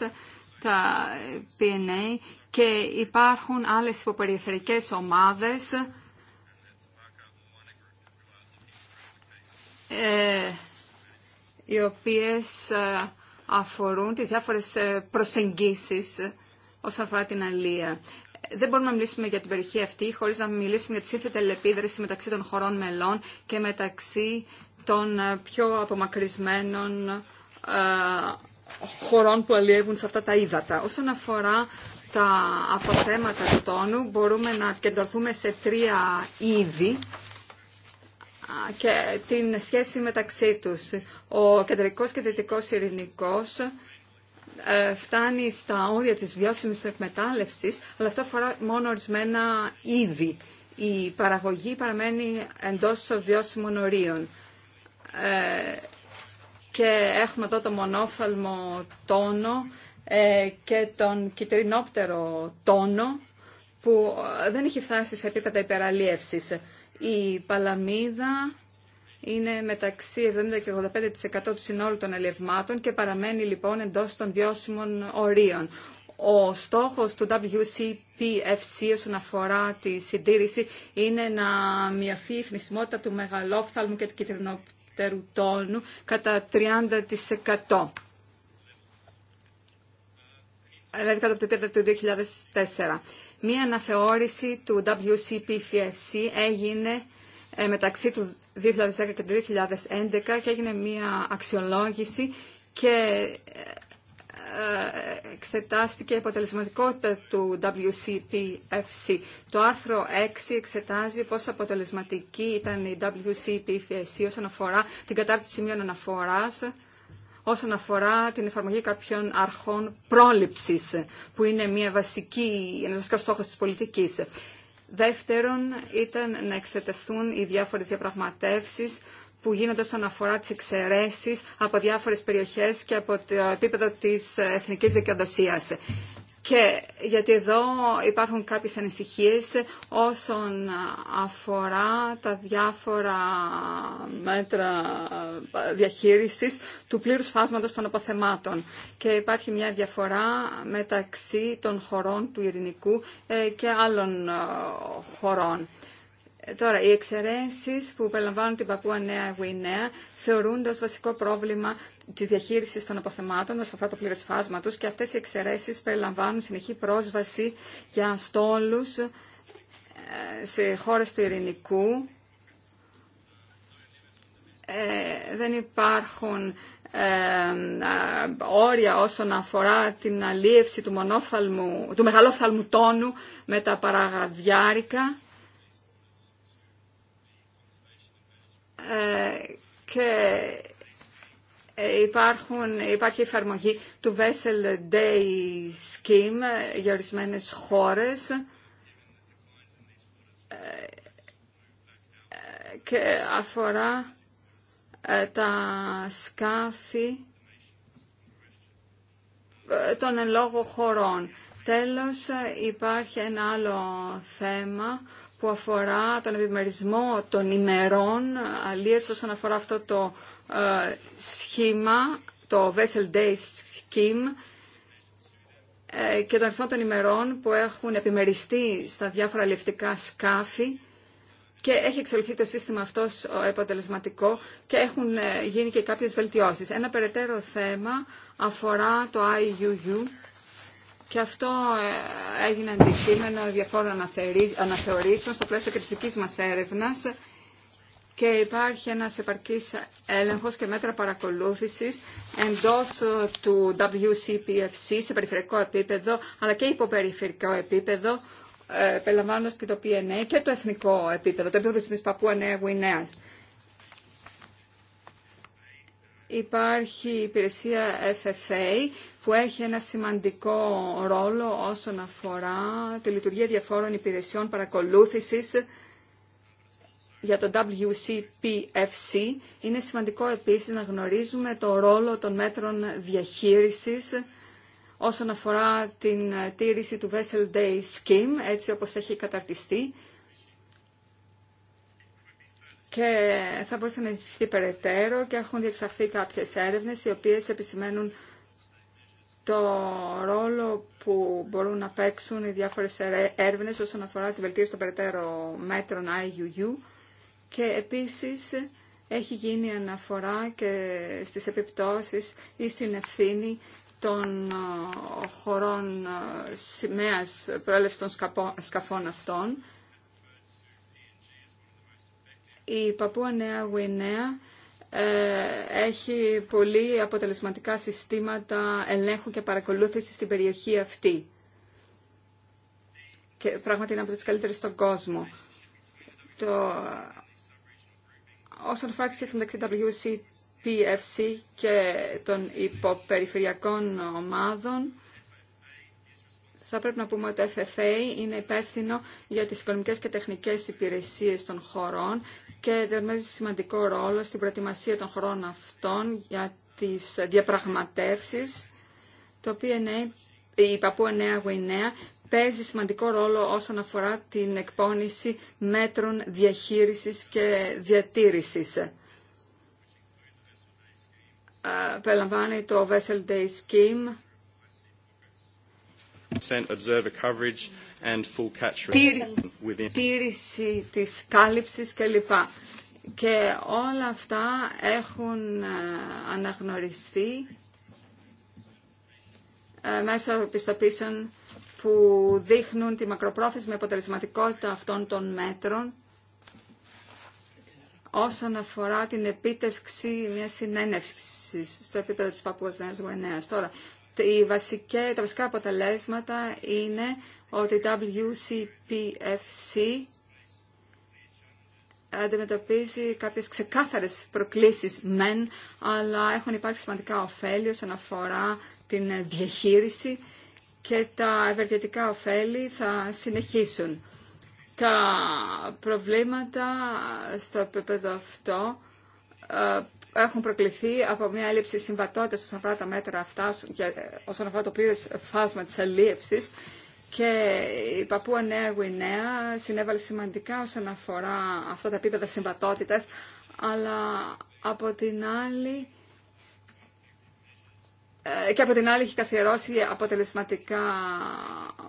τα PNA, και υπάρχουν άλλες υποπεριφερικές ομάδες ε, οι οποίες ε, αφορούν τις διάφορες προσεγγίσεις όσον αφορά την αλία δεν μπορούμε να μιλήσουμε για την περιοχή αυτή χωρίς να μιλήσουμε για τη σύνθετη λεπίδραση μεταξύ των χωρών μελών και μεταξύ των ε, πιο απομακρυσμένων ε, χωρών που αλλιεύουν σε αυτά τα ύδατα. Όσον αφορά τα αποθέματα του τόνου, μπορούμε να κεντρωθούμε σε τρία είδη και την σχέση μεταξύ τους. Ο κεντρικός και δυτικός ειρηνικός ε, φτάνει στα όρια της βιώσιμης εκμετάλλευσης, αλλά αυτό αφορά μόνο ορισμένα είδη. Η παραγωγή παραμένει εντός βιώσιμων ορίων. Ε, και έχουμε εδώ το μονόφαλμο τόνο ε, και τον κυτρινόπτερο τόνο, που δεν έχει φτάσει σε επίπεδα υπεραλίευσης. Η παλαμίδα είναι μεταξύ 70 και 85% του συνόλου των ελευμάτων και παραμένει λοιπόν εντός των βιώσιμων ορίων. Ο στόχος του WCPFC όσον αφορά τη συντήρηση είναι να μειωθεί η θνησιμότητα του μεγαλόφθαλμου και του κυτρινοπτερού τόνου κατά 30%. Δηλαδή κατά το του 2004. Μία αναθεώρηση του WCPFC έγινε ε, μεταξύ του 2010 και το 2011 και έγινε μία αξιολόγηση και ε, εξετάστηκε η αποτελεσματικότητα του WCPFC. Το άρθρο 6 εξετάζει πόσο αποτελεσματική ήταν η WCPFC όσον αφορά την κατάρτιση σημείων αναφοράς, όσον αφορά την εφαρμογή κάποιων αρχών πρόληψης, που είναι μια βασική, ένας βασικός στόχος της πολιτικής. Δεύτερον, ήταν να εξεταστούν οι διάφορες διαπραγματεύσεις που γίνονται όσον αφορά τις εξαιρέσεις από διάφορες περιοχές και από το επίπεδο της εθνικής δικαιοδοσίας. Και γιατί εδώ υπάρχουν κάποιες ανησυχίες όσον αφορά τα διάφορα μέτρα διαχείρισης του πλήρους φάσματος των αποθεμάτων. Και υπάρχει μια διαφορά μεταξύ των χωρών του ειρηνικού ε, και άλλων ε, χωρών. Τώρα, οι εξαιρέσει που περιλαμβάνουν την Παππούα Νέα Γουινέα θεωρούνται ω βασικό πρόβλημα τη διαχείριση των αποθεμάτων όσον αφορά το πλήρε φάσμα του και αυτέ οι εξαιρέσει περιλαμβάνουν συνεχή πρόσβαση για στόλου ε, σε χώρε του ειρηνικού. Ε, δεν υπάρχουν ε, ε, όρια όσον αφορά την αλίευση του, μονόφθαλμου, του μεγαλόφθαλμου τόνου με τα παραγαδιάρικα Ε, και ε, υπάρχουν, υπάρχει εφαρμογή του Vessel Day Scheme για ορισμένε χώρες ε, και αφορά τα σκάφη των εν χωρών. Τέλος, υπάρχει ένα άλλο θέμα που αφορά τον επιμερισμό των ημερών, αλλιώς όσον αφορά αυτό το ε, σχήμα, το Vessel Day Scheme, ε, και τον αριθμό των ημερών που έχουν επιμεριστεί στα διάφορα λευτικά σκάφη και έχει εξελιχθεί το σύστημα αυτό αποτελεσματικό και έχουν ε, γίνει και κάποιες βελτιώσεις. Ένα περαιτέρω θέμα αφορά το IUU και αυτό ε, έγινε αντικείμενο διαφόρων αναθεωρήσεων στο πλαίσιο και τη δική μας έρευνας και υπάρχει ένας επαρκής έλεγχος και μέτρα παρακολούθησης εντός ε, του WCPFC σε περιφερειακό επίπεδο αλλά και υποπεριφερειακό επίπεδο ε, περιλαμβάνοντας και το PNA και το εθνικό επίπεδο, το επίπεδο της Παππού Νέα Γουινέας. Υπάρχει η υπηρεσία FFA που έχει ένα σημαντικό ρόλο όσον αφορά τη λειτουργία διαφόρων υπηρεσιών παρακολούθησης για το WCPFC. Είναι σημαντικό επίσης να γνωρίζουμε το ρόλο των μέτρων διαχείρισης όσον αφορά την τήρηση του Vessel Day Scheme, έτσι όπως έχει καταρτιστεί. Και θα μπορούσε να ενισχυθεί περαιτέρω και έχουν διεξαχθεί κάποιες έρευνες οι οποίες επισημαίνουν το ρόλο που μπορούν να παίξουν οι διάφορες έρευνες όσον αφορά τη βελτίωση των περαιτέρω μέτρων IUU και επίσης έχει γίνει αναφορά και στις επιπτώσεις ή στην ευθύνη των ε, χωρών ε, σημαίας προέλευση των σκαφών αυτών. Η Παππούα Νέα Γουινέα ε, έχει πολύ αποτελεσματικά συστήματα ελέγχου και παρακολούθηση στην περιοχή αυτή. Και πράγματι είναι από τι καλύτερε στον κόσμο. Το... Όσον αφορά σχέση μεταξύ WCPFC και των υποπεριφερειακών ομάδων, θα πρέπει να πούμε ότι το FFA είναι υπεύθυνο για τις οικονομικές και τεχνικές υπηρεσίες των χωρών και δερμέζει σημαντικό ρόλο στην προετοιμασία των χωρών αυτών για τις διαπραγματεύσεις, το οποίο η Παππού Νέα Γουινέα παίζει σημαντικό ρόλο όσον αφορά την εκπόνηση μέτρων διαχείρισης και διατήρησης. Ε, περιλαμβάνει το Vessel Day Scheme, observer coverage and full catch Τήρηση της κάλυψης κλπ. Και όλα αυτά έχουν ε, αναγνωριστεί ε, μέσω επιστοπίσεων που δείχνουν τη μακροπρόθεσμη αποτελεσματικότητα αυτών των μέτρων όσον αφορά την επίτευξη μιας συνένευξης στο επίπεδο της Παππούας Νέας Γουενέας. Τώρα, τα βασικά αποτελέσματα είναι ότι η WCPFC αντιμετωπίζει κάποιες ξεκάθαρες προκλήσεις μεν, αλλά έχουν υπάρξει σημαντικά ωφέλη όσον αφορά την διαχείριση και τα ευεργετικά ωφέλη θα συνεχίσουν. Τα προβλήματα στο επίπεδο αυτό ε, έχουν προκληθεί από μια έλλειψη συμβατότητας όσον αφορά τα μέτρα αυτά, όσον αφορά το πλήρε φάσμα τη αλλίευση. και η Παππούα Νέα Γουινέα συνέβαλε σημαντικά όσον αφορά αυτά τα επίπεδα συμβατότητας, αλλά από την άλλη ε, και από την άλλη έχει καθιερώσει αποτελεσματικά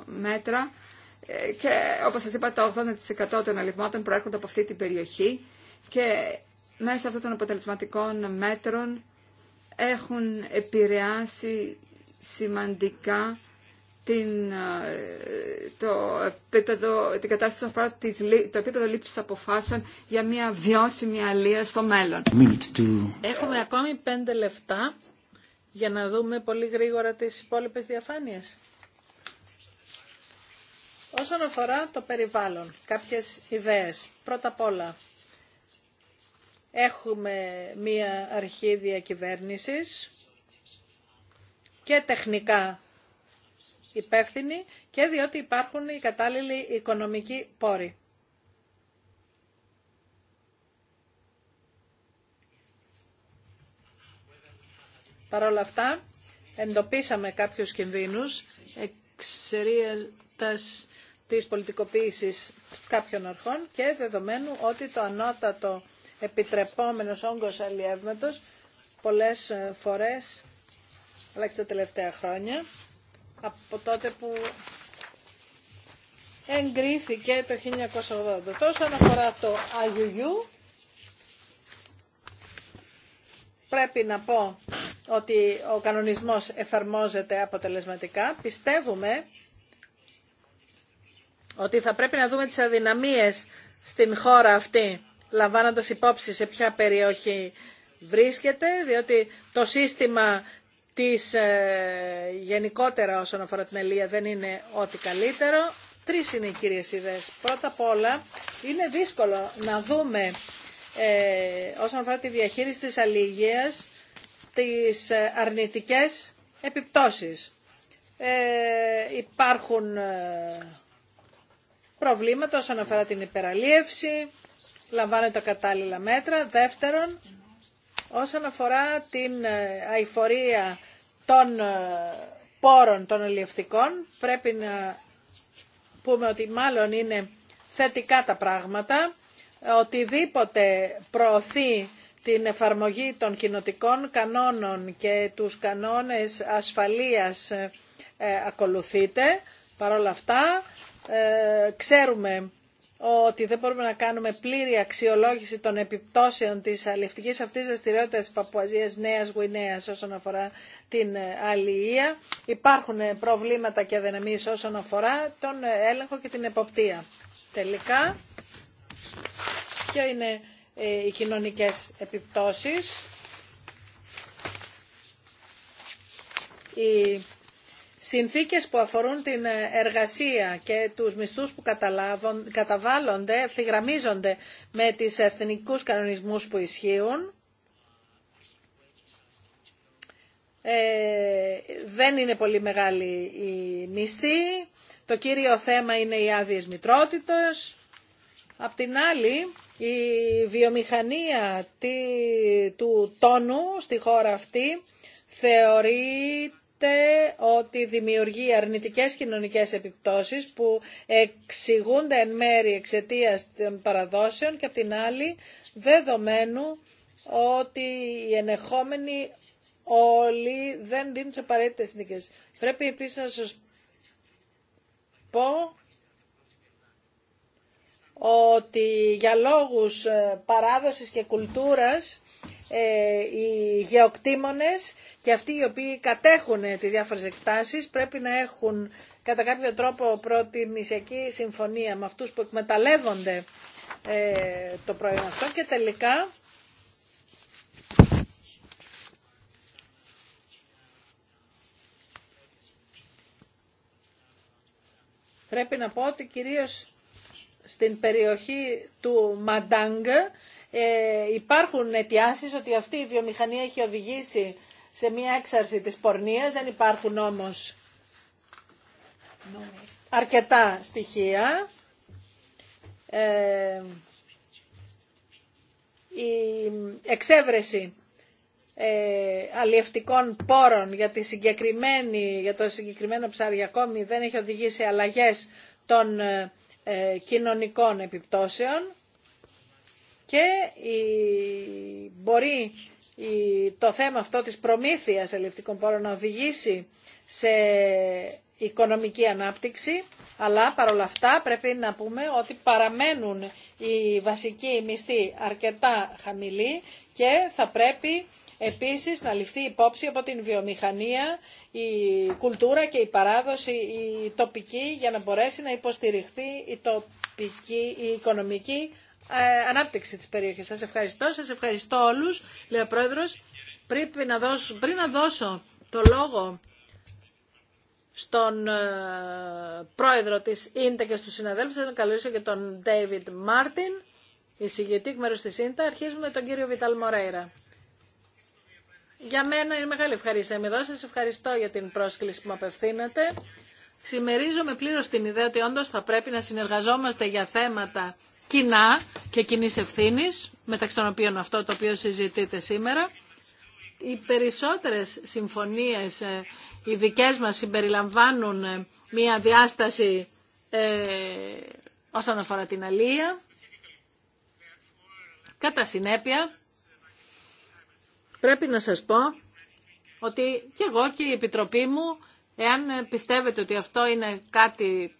μέτρα ε, και όπως σας είπα το 80% των αλληλευμάτων προέρχονται από αυτή την περιοχή και μέσα αυτών των αποτελεσματικών μέτρων έχουν επηρεάσει σημαντικά την, ε, το επίπεδο, την κατάσταση αφορά της, το επίπεδο λήψη αποφάσεων για μια βιώσιμη αλία στο μέλλον. Έχουμε ακόμη πέντε λεφτά για να δούμε πολύ γρήγορα τις υπόλοιπες διαφάνειες. Όσον αφορά το περιβάλλον, κάποιες ιδέες. Πρώτα απ' όλα, έχουμε μία αρχή διακυβέρνησης και τεχνικά υπεύθυνη και διότι υπάρχουν οι κατάλληλοι οικονομικοί πόροι. Παρ' όλα αυτά, εντοπίσαμε κάποιους κινδύνους εξαιρία της πολιτικοποίησης κάποιων αρχών και δεδομένου ότι το ανώτατο επιτρεπόμενος όγκος αλλιεύματος πολλές ε, φορές, αλλά και τα τελευταία χρόνια, από τότε που εγκρίθηκε το 1980. Τόσο αναφορά το IUU, πρέπει να πω ότι ο κανονισμός εφαρμόζεται αποτελεσματικά. Πιστεύουμε ότι θα πρέπει να δούμε τις αδυναμίες στην χώρα αυτή λαμβάνοντας υπόψη σε ποια περιοχή βρίσκεται, διότι το σύστημα της ε, γενικότερα όσον αφορά την Ελία δεν είναι ό,τι καλύτερο. Τρεις είναι οι κύριες ιδέες. Πρώτα απ' όλα είναι δύσκολο να δούμε ε, όσον αφορά τη διαχείριση της αλληλεγγύας τις ε, αρνητικές επιπτώσεις. υπάρχουν προβλήματα όσον αφορά την υπεραλίευση, λαμβάνεται τα κατάλληλα μέτρα. Δεύτερον, όσον αφορά την ε, αηφορία των ε, πόρων των ελιευτικών, πρέπει να πούμε ότι μάλλον είναι θετικά τα πράγματα. Οτιδήποτε προωθεί την εφαρμογή των κοινοτικών κανόνων και τους κανόνες ασφαλείας ε, ακολουθείται. Παρ' όλα αυτά, ξέρουμε ότι δεν μπορούμε να κάνουμε πλήρη αξιολόγηση των επιπτώσεων της αλληλευτικής αυτής δραστηριότητα της Παπουαζίας Νέας Γουινέας όσον αφορά την ε, αλληλεία. Υπάρχουν ε, προβλήματα και αδυναμίες όσον αφορά τον ε, έλεγχο και την εποπτεία. Τελικά, ποιο είναι οι κοινωνικές επιπτώσεις. Η συνθήκες που αφορούν την ε, εργασία και τους μισθούς που καταβάλλονται ευθυγραμμίζονται με τις εθνικούς κανονισμούς που ισχύουν. Ε, δεν είναι πολύ μεγάλη η μισθή. Το κύριο θέμα είναι οι άδειε μητρότητος. Απ' την άλλη, η βιομηχανία του τόνου στη χώρα αυτή θεωρεί ότι δημιουργεί αρνητικές κοινωνικές επιπτώσεις που εξηγούνται εν μέρη εξαιτία των παραδόσεων και την άλλη δεδομένου ότι οι ενεχόμενοι όλοι δεν δίνουν τι απαραίτητε συνθήκες. Πρέπει επίσης να σας πω ότι για λόγους παράδοσης και κουλτούρας ε, οι γεωκτήμονες και αυτοί οι οποίοι κατέχουν τις διάφορες εκτάσεις πρέπει να έχουν κατά κάποιο τρόπο πρώτη μισιακή συμφωνία με αυτούς που εκμεταλλεύονται ε, το προϊόν αυτό και τελικά πρέπει να πω ότι κυρίως στην περιοχή του Μαντάγκ ε, υπάρχουν αιτιάσεις ότι αυτή η βιομηχανία έχει οδηγήσει σε μια έξαρση της πορνείας. Δεν υπάρχουν όμως αρκετά στοιχεία. Ε, η εξέβρεση ε, αλλιευτικών πόρων για, για το συγκεκριμένο ψαριακό δεν έχει οδηγήσει αλλαγές των ε, κοινωνικών επιπτώσεων και μπορεί το θέμα αυτό της προμήθειας ελευτικών πόρων να οδηγήσει σε οικονομική ανάπτυξη, αλλά παρόλα αυτά πρέπει να πούμε ότι παραμένουν οι βασικοί μισθοί αρκετά χαμηλοί και θα πρέπει Επίσης να ληφθεί υπόψη από την βιομηχανία, η κουλτούρα και η παράδοση η τοπική για να μπορέσει να υποστηριχθεί η, τοπική, η οικονομική ε, ανάπτυξη της περιοχής. Σας ευχαριστώ, σας ευχαριστώ όλους. Λέει Πρόεδρος, πριν να δώσω, να δώσω το λόγο στον ε, πρόεδρο της ίντα και στους συναδέλφους, θα καλέσω και τον David Μάρτιν, εισηγητή εκ μέρους της ίντα. Αρχίζουμε με τον κύριο Βιτάλ Μορέιρα. Για μένα είναι μεγάλη ευχαρίστηση να είμαι εδώ. Σα ευχαριστώ για την πρόσκληση που μου απευθύνατε. Συμμερίζομαι πλήρως την ιδέα ότι όντω θα πρέπει να συνεργαζόμαστε για θέματα κοινά και κοινή ευθύνη, μεταξύ των οποίων αυτό το οποίο συζητείτε σήμερα. Οι περισσότερες συμφωνίες, ε, οι δικέ μας συμπεριλαμβάνουν ε, μία διάσταση ε, όσον αφορά την αλία. Κατά συνέπεια, πρέπει να σας πω ότι και εγώ και η Επιτροπή μου, εάν πιστεύετε ότι αυτό είναι κάτι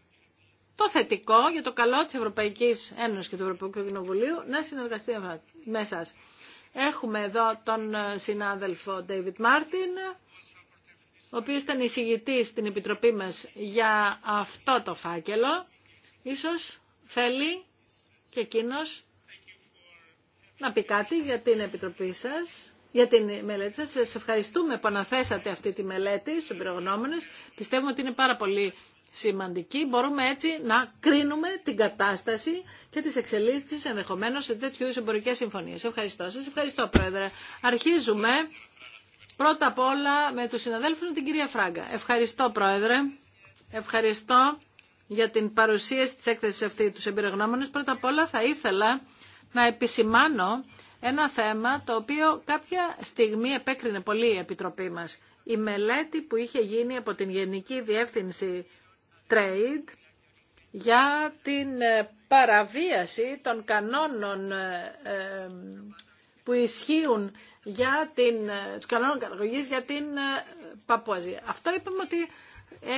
το θετικό για το καλό της Ευρωπαϊκής Ένωσης και του Ευρωπαϊκού Κοινοβουλίου, να συνεργαστεί με σας. Έχουμε εδώ τον συνάδελφο David Martin, ο οποίος ήταν εισηγητής στην Επιτροπή μας για αυτό το φάκελο. Ίσως θέλει και εκείνος να πει κάτι για την Επιτροπή σας για την μελέτη σας. Σας ευχαριστούμε που αναθέσατε αυτή τη μελέτη στους εμπειρογνώμενες. Πιστεύουμε ότι είναι πάρα πολύ σημαντική. Μπορούμε έτσι να κρίνουμε την κατάσταση και τις εξελίξεις ενδεχομένως σε τέτοιου είδους εμπορικές συμφωνίες. Ευχαριστώ σας. Ευχαριστώ Πρόεδρε. Αρχίζουμε πρώτα απ' όλα με τους συναδέλφους την κυρία Φράγκα. Ευχαριστώ Πρόεδρε. Ευχαριστώ για την παρουσίαση της έκθεσης αυτή τους εμπειρογνώμενες. Πρώτα απ' όλα θα ήθελα να επισημάνω ένα θέμα το οποίο κάποια στιγμή επέκρινε πολύ η Επιτροπή μας. Η μελέτη που είχε γίνει από την Γενική Διεύθυνση Trade για την ε, παραβίαση των κανόνων ε, ε, που ισχύουν για την, τους κανόνων καταγωγής για την Παπουαζία. Αυτό είπαμε ότι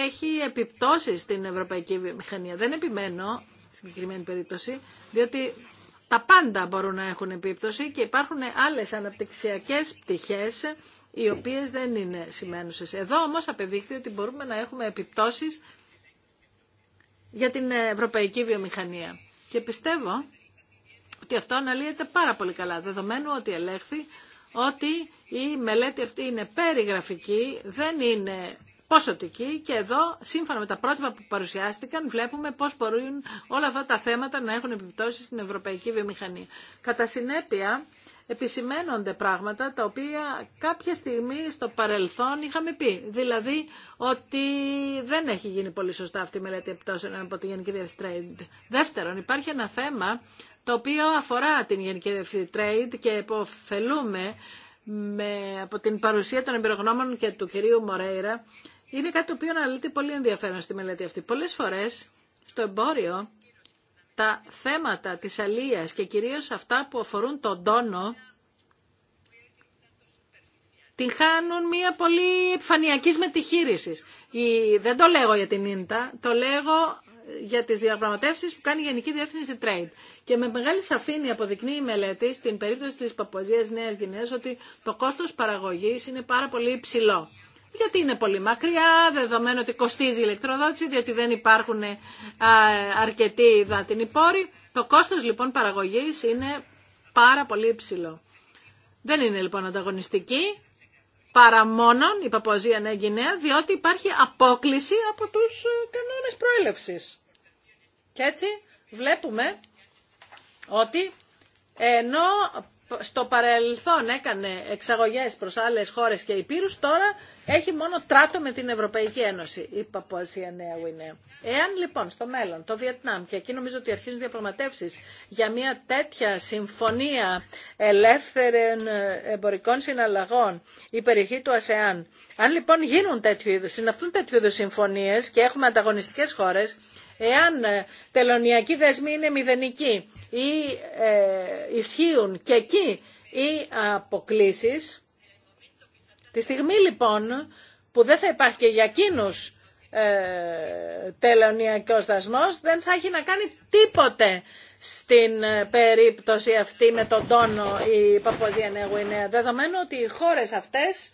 έχει επιπτώσεις στην ευρωπαϊκή μηχανία. Δεν επιμένω, συγκεκριμένη περίπτωση, διότι τα πάντα μπορούν να έχουν επίπτωση και υπάρχουν άλλες αναπτυξιακές πτυχές οι οποίες δεν είναι σημαίνουσες. Εδώ όμως απεδείχθη ότι μπορούμε να έχουμε επιπτώσεις για την ευρωπαϊκή βιομηχανία. Και πιστεύω ότι αυτό αναλύεται πάρα πολύ καλά, δεδομένου ότι ελέγχθη ότι η μελέτη αυτή είναι περιγραφική, δεν είναι ποσοτική και εδώ σύμφωνα με τα πρότυπα που παρουσιάστηκαν βλέπουμε πώς μπορούν όλα αυτά τα θέματα να έχουν επιπτώσεις στην ευρωπαϊκή βιομηχανία. Κατά συνέπεια επισημένονται πράγματα τα οποία κάποια στιγμή στο παρελθόν είχαμε πει. Δηλαδή ότι δεν έχει γίνει πολύ σωστά αυτή η μελέτη επιπτώσεων από τη Γενική Διεύθυνση Trade. Δεύτερον, υπάρχει ένα θέμα το οποίο αφορά την Γενική Διεύθυνση Trade και υποφελούμε με, από την παρουσία των εμπειρογνώμων και του κυρίου Μορέιρα είναι κάτι το οποίο αναλύεται πολύ ενδιαφέρον στη μελέτη αυτή. Πολλές φορές στο εμπόριο τα θέματα της αλίας και κυρίως αυτά που αφορούν τον τόνο την χάνουν μια πολύ επιφανειακής μετυχείρισης. Η, δεν το λέγω για την ίντα, το λέγω για τις διαπραγματεύσεις που κάνει η Γενική Διεύθυνση Trade. Και με μεγάλη σαφήνεια αποδεικνύει η μελέτη στην περίπτωση της Παπουαζίας Νέας γυναίκα, ότι το κόστος παραγωγής είναι πάρα πολύ υψηλό γιατί είναι πολύ μακριά, δεδομένου ότι κοστίζει η ηλεκτροδότηση, διότι δεν υπάρχουν ε, αρκετοί δάτινοι πόροι. Το κόστος λοιπόν παραγωγής είναι πάρα πολύ υψηλό. Δεν είναι λοιπόν ανταγωνιστική, παρά μόνον η παποζία Νέα Γινέα, διότι υπάρχει απόκληση από τους ε, κανόνες προέλευσης. Και έτσι βλέπουμε ότι ενώ στο παρελθόν έκανε εξαγωγές προς άλλες χώρες και υπήρους, τώρα έχει μόνο τράτο με την Ευρωπαϊκή Ένωση, η Παπουασία Νέα Εάν λοιπόν στο μέλλον το Βιετνάμ, και εκεί νομίζω ότι αρχίζουν διαπραγματεύσεις για μια τέτοια συμφωνία ελεύθερων εμπορικών συναλλαγών, η περιοχή του ΑΣΕΑΝ, αν λοιπόν γίνουν τέτοιου είδους, συναυτούν τέτοιου είδους συμφωνίες και έχουμε ανταγωνιστικές χώρες, Εάν ε, τελωνιακοί δεσμοί είναι μηδενικοί ή ε, ισχύουν και εκεί οι αποκλήσεις, τη στιγμή λοιπόν που δεν θα υπάρχει και για εκείνους ε, τελωνιακός δεν θα έχει να κάνει τίποτε στην ε, περίπτωση αυτή με τον τόνο η Παπποζία Νέα Γουινέα δεδομένου ότι οι χώρες αυτές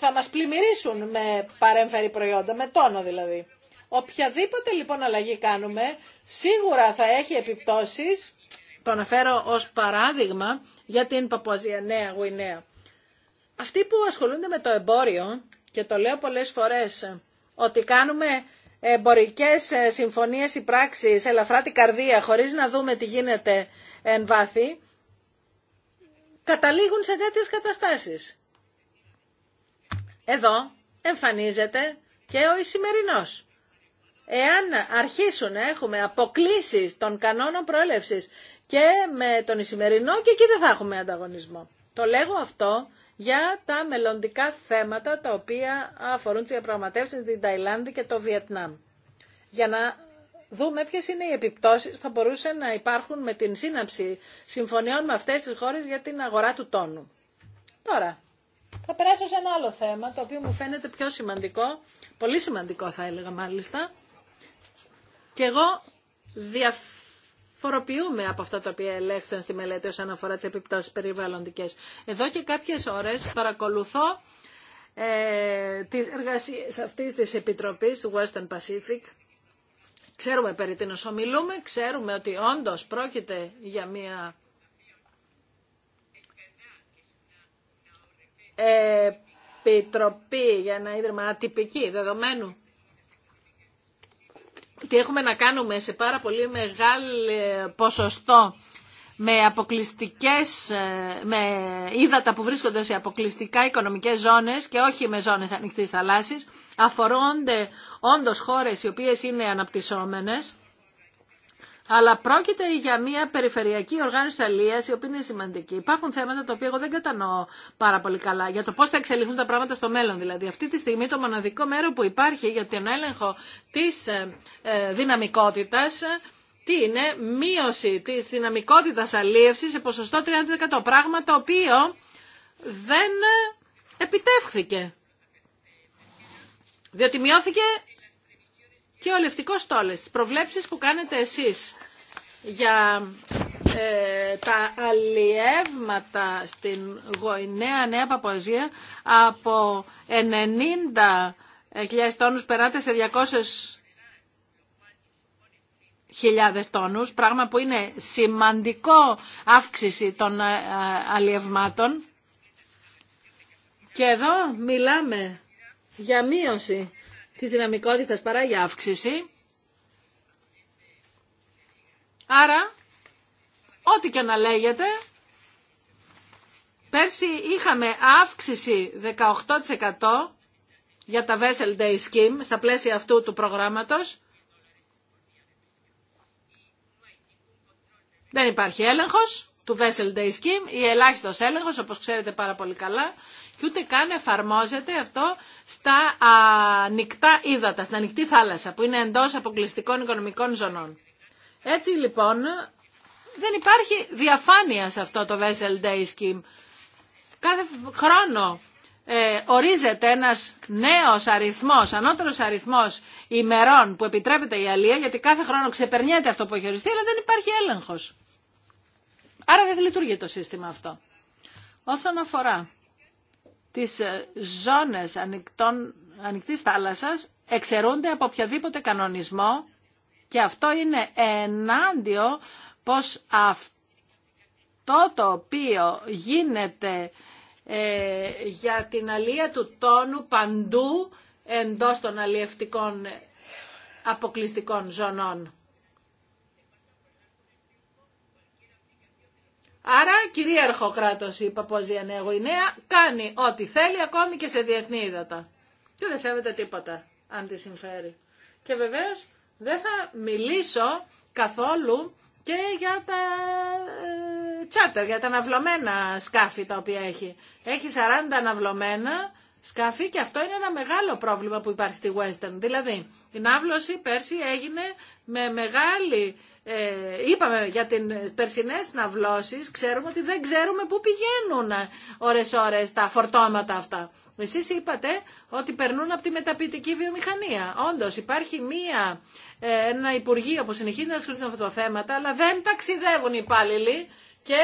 θα μας πλημμυρίσουν με παρέμφερη προϊόντα, με τόνο δηλαδή. Οποιαδήποτε λοιπόν αλλαγή κάνουμε, σίγουρα θα έχει επιπτώσεις, το αναφέρω ως παράδειγμα, για την Παπουαζία Νέα Γουινέα. Αυτοί που ασχολούνται με το εμπόριο, και το λέω πολλές φορές, ότι κάνουμε εμπορικές ε, συμφωνίες ή πράξεις, ελαφρά την καρδία, χωρίς να δούμε τι γίνεται εν βάθη, καταλήγουν σε τέτοιες καταστάσεις. Εδώ εμφανίζεται και ο Ισημερινός εάν αρχίσουν να έχουμε αποκλήσεις των κανόνων προέλευσης και με τον Ισημερινό και εκεί δεν θα έχουμε ανταγωνισμό. Το λέγω αυτό για τα μελλοντικά θέματα τα οποία αφορούν τις διαπραγματεύσεις στην Ταϊλάνδη και το Βιετνάμ. Για να δούμε ποιες είναι οι επιπτώσεις που θα μπορούσαν να υπάρχουν με την σύναψη συμφωνιών με αυτές τις χώρες για την αγορά του τόνου. Τώρα, θα περάσω σε ένα άλλο θέμα, το οποίο μου φαίνεται πιο σημαντικό, πολύ σημαντικό θα έλεγα μάλιστα, και εγώ διαφοροποιούμε από αυτά τα οποία ελέγχθησαν στη μελέτη όσον αφορά τις επιπτώσεις περιβαλλοντικές. Εδώ και κάποιες ώρες παρακολουθώ ε, τις εργασίες αυτής της Επιτροπής Western Pacific. Ξέρουμε περί τίνος ομιλούμε, ξέρουμε ότι όντως πρόκειται για μια ε, επιτροπή για ένα ίδρυμα ατυπική δεδομένου ότι έχουμε να κάνουμε σε πάρα πολύ μεγάλο ποσοστό με αποκλειστικές, ε, με ύδατα που βρίσκονται σε αποκλειστικά οικονομικές ζώνες και όχι με ζώνες ανοιχτής θαλάσσης, αφορούνται όντως χώρες οι οποίες είναι αναπτυσσόμενες αλλά πρόκειται για μια περιφερειακή οργάνωση αλληλεία, η οποία είναι σημαντική. Υπάρχουν θέματα τα οποία εγώ δεν κατανοώ πάρα πολύ καλά για το πώ θα εξελιχθούν τα πράγματα στο μέλλον. Δηλαδή, αυτή τη στιγμή το μοναδικό μέρο που υπάρχει για τον έλεγχο τη ε, ε, δυναμικότητα ε, τι είναι μείωση τη δυναμικότητα αλλίευση σε ποσοστό 30% πράγμα το οποίο δεν επιτεύχθηκε. Διότι μειώθηκε και ο λευτικός στόλος, τις προβλέψεις που κάνετε εσείς για ε, τα αλλιεύματα στην Γοηναία Νέα Παπαζία από 90.000 τόνους περάτε σε 200.000 τόνους, πράγμα που είναι σημαντικό αύξηση των ε, αλλιευμάτων. Και εδώ μιλάμε για μείωση τη δυναμικότητας παρά για αύξηση. Άρα, ό,τι και να λέγεται, πέρσι είχαμε αύξηση 18% για τα Vessel Day Scheme στα πλαίσια αυτού του προγράμματος. Δεν υπάρχει έλεγχος του Vessel Day Scheme ή ελάχιστος έλεγχος, όπως ξέρετε πάρα πολύ καλά και ούτε καν εφαρμόζεται αυτό στα ανοιχτά ύδατα, στην ανοιχτή θάλασσα που είναι εντός αποκλειστικών οικονομικών ζωνών. Έτσι λοιπόν δεν υπάρχει διαφάνεια σε αυτό το Vessel Day Scheme. Κάθε χρόνο ε, ορίζεται ένας νέος αριθμός, ανώτερος αριθμός ημερών που επιτρέπεται η αλία, γιατί κάθε χρόνο ξεπερνιέται αυτό που έχει οριστεί, αλλά δεν υπάρχει έλεγχος. Άρα δεν λειτουργεί το σύστημα αυτό. Όσον αφορά τις ε, ζώνες ανοιχτών, ανοιχτής θάλασσας εξαιρούνται από οποιαδήποτε κανονισμό και αυτό είναι ενάντιο πως αυτό το οποίο γίνεται ε, για την αλία του τόνου παντού εντός των αλιευτικών αποκλειστικών ζωνών. Άρα κυρίαρχο κράτο, η Παπόζια Νέα κάνει ό,τι θέλει ακόμη και σε διεθνή ύδατα. Και δεν σέβεται τίποτα αν τη συμφέρει. Και βεβαίω δεν θα μιλήσω καθόλου και για τα τσάρτερ, για τα αναβλωμένα σκάφη τα οποία έχει. Έχει 40 αναβλωμένα σκάφη και αυτό είναι ένα μεγάλο πρόβλημα που υπάρχει στη Western. Δηλαδή, η ναύλωση πέρσι έγινε με μεγάλη ε, είπαμε για την περσινές ναυλώσεις, ξέρουμε ότι δεν ξέρουμε πού πηγαίνουν ώρες-ώρες τα φορτώματα αυτά. Εσείς είπατε ότι περνούν από τη μεταπητική βιομηχανία. Όντως υπάρχει μία, ε, ένα υπουργείο που συνεχίζει να ασχολείται με αυτά τα θέματα, αλλά δεν ταξιδεύουν τη μεταποιητικη υπάλληλοι και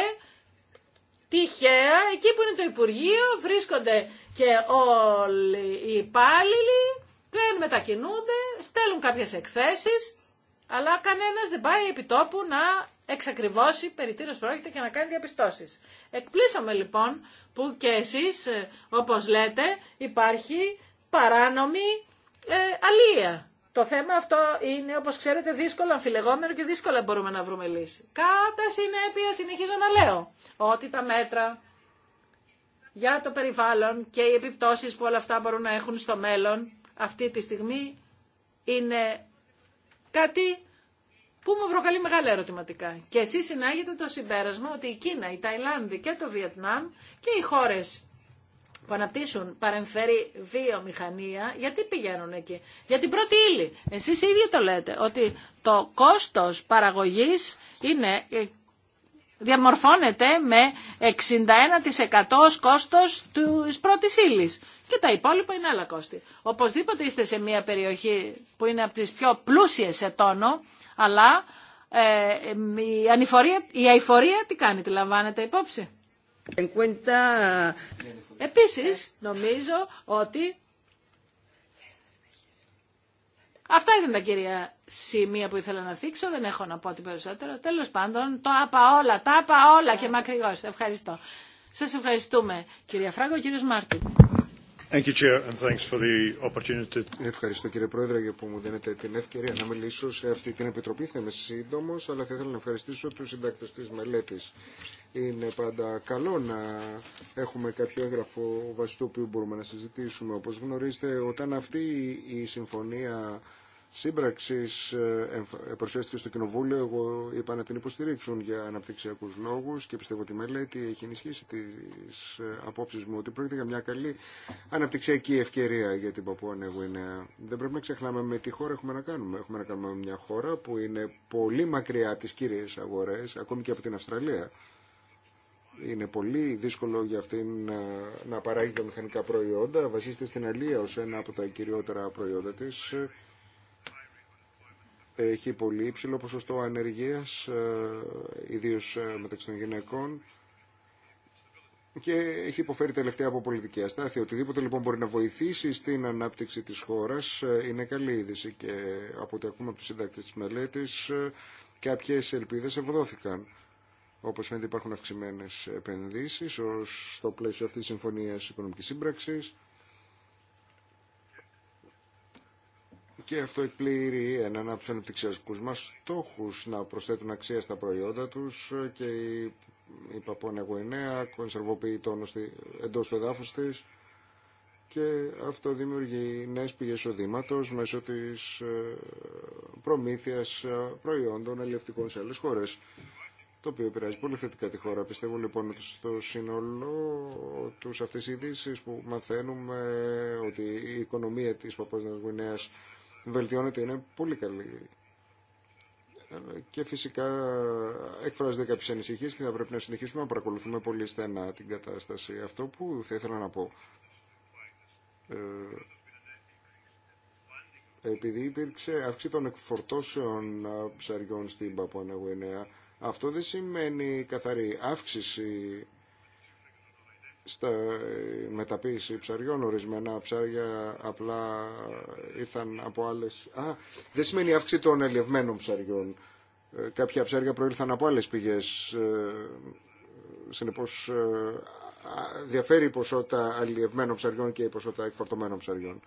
τυχαία εκεί που είναι το υπουργείο βρίσκονται και όλοι οι υπάλληλοι, δεν μετακινούνται, στέλνουν κάποιες εκθέσεις αλλά κανένα δεν πάει επί τόπου να εξακριβώσει περί τίνο πρόκειται και να κάνει διαπιστώσει. Εκπλήσαμε λοιπόν που και εσείς, ε, όπως λέτε, υπάρχει παράνομη ε, αλία. Το θέμα αυτό είναι, όπω ξέρετε, δύσκολο αμφιλεγόμενο και δύσκολα μπορούμε να βρούμε λύση. Κατά συνέπεια συνεχίζω να λέω ότι τα μέτρα για το περιβάλλον και οι επιπτώσεις που όλα αυτά μπορούν να έχουν στο μέλλον αυτή τη στιγμή είναι Κάτι που μου προκαλεί μεγάλα ερωτηματικά. Και εσείς συνάγετε το συμπέρασμα ότι η Κίνα, η Ταϊλάνδη και το Βιετνάμ και οι χώρες που αναπτύσσουν παρεμφέρει βιομηχανία, γιατί πηγαίνουν εκεί. Για την πρώτη ύλη. Εσείς οι ίδιοι το λέτε, ότι το κόστος παραγωγής είναι, ε, διαμορφώνεται με 61% κόστος της πρώτης ύλης και τα υπόλοιπα είναι άλλα κόστη. Οπωσδήποτε είστε σε μια περιοχή που είναι από τις πιο πλούσιες σε τόνο, αλλά ε, η, ανηφορία, αηφορία τι κάνει, τη λαμβάνετε υπόψη. Επίσης, νομίζω ότι... Αυτά ήταν τα κυρία σημεία που ήθελα να θίξω. Δεν έχω να πω ότι περισσότερο. Τέλος πάντων, το άπα όλα, τα άπα όλα και μακριγώς. Ευχαριστώ. Σας ευχαριστούμε, κυρία Φράγκο, κύριος Μάρτιν. Ευχαριστώ κύριε Πρόεδρε για που μου δίνετε την ευκαιρία να μιλήσω σε αυτή την επιτροπή. Θα είμαι σύντομο, αλλά θα ήθελα να ευχαριστήσω του συντάκτε τη μελέτη. Είναι πάντα καλό να έχουμε κάποιο έγγραφο βασιστό που μπορούμε να συζητήσουμε. Όπω γνωρίζετε, όταν αυτή η συμφωνία Σύμπραξη ε, ε, παρουσιάστηκε στο Κοινοβούλιο. Εγώ είπα να την υποστηρίξουν για αναπτυξιακού λόγου και πιστεύω ότι η μελέτη έχει ενισχύσει τι ε, απόψει μου ότι πρόκειται για μια καλή αναπτυξιακή ευκαιρία για την Παππού Ανέγουινέα. Δεν πρέπει να ξεχνάμε με τι χώρα έχουμε να κάνουμε. Έχουμε να κάνουμε μια χώρα που είναι πολύ μακριά από τις κύριες αγορές, ακόμη και από την Αυστραλία. Είναι πολύ δύσκολο για αυτήν να, να παράγει τα μηχανικά προϊόντα. Βασίζεται στην Αλία ω ένα από τα κυριότερα προϊόντα της έχει πολύ υψηλό ποσοστό ανεργίας, ε, ιδίως ε, μεταξύ των γυναικών και έχει υποφέρει τελευταία από πολιτική αστάθεια. Οτιδήποτε λοιπόν μπορεί να βοηθήσει στην ανάπτυξη της χώρας ε, είναι καλή είδηση και από ό,τι ακούμε από τους συντάκτες της μελέτης κάποιες ελπίδες ευδόθηκαν. Όπω φαίνεται, υπάρχουν αυξημένε επενδύσει στο πλαίσιο αυτής της συμφωνίας οικονομικής σύμπραξης. και αυτό εκπλήρει έναν από του ανεπτυξιακού μα στόχου να προσθέτουν αξία στα προϊόντα του και η, η Παπώνια Γουινέα κονσερβοποιεί τόνο εντό του εδάφου τη και αυτό δημιουργεί νέες πηγές οδήματος μέσω της ε, προμήθειας ε, προϊόντων αλληλευτικών σε άλλες χώρες το οποίο επηρεάζει πολύ θετικά τη χώρα. Πιστεύω λοιπόν ότι στο σύνολό του αυτέ οι ειδήσει που μαθαίνουμε ότι η οικονομία τη Παπασδανή Γουινέα βελτιώνεται είναι πολύ καλή. Και φυσικά εκφράζονται κάποιε ανησυχίε και θα πρέπει να συνεχίσουμε να παρακολουθούμε πολύ στενά την κατάσταση. Αυτό που θα ήθελα να πω. Ε, επειδή υπήρξε αύξηση των εκφορτώσεων ψαριών στην Παπαναγουενέα, αυτό δεν σημαίνει καθαρή αύξηση στα μεταποίηση ψαριών. Ορισμένα ψάρια απλά ήρθαν από άλλες... Α, δεν σημαίνει αύξηση των ελευμένων ψαριών. Ε, κάποια ψάρια προήλθαν από άλλες πηγές. Ε, συνεπώς ε, διαφέρει η ποσότητα αλλιευμένων ψαριών και η ποσότητα εκφορτωμένων ψαριών.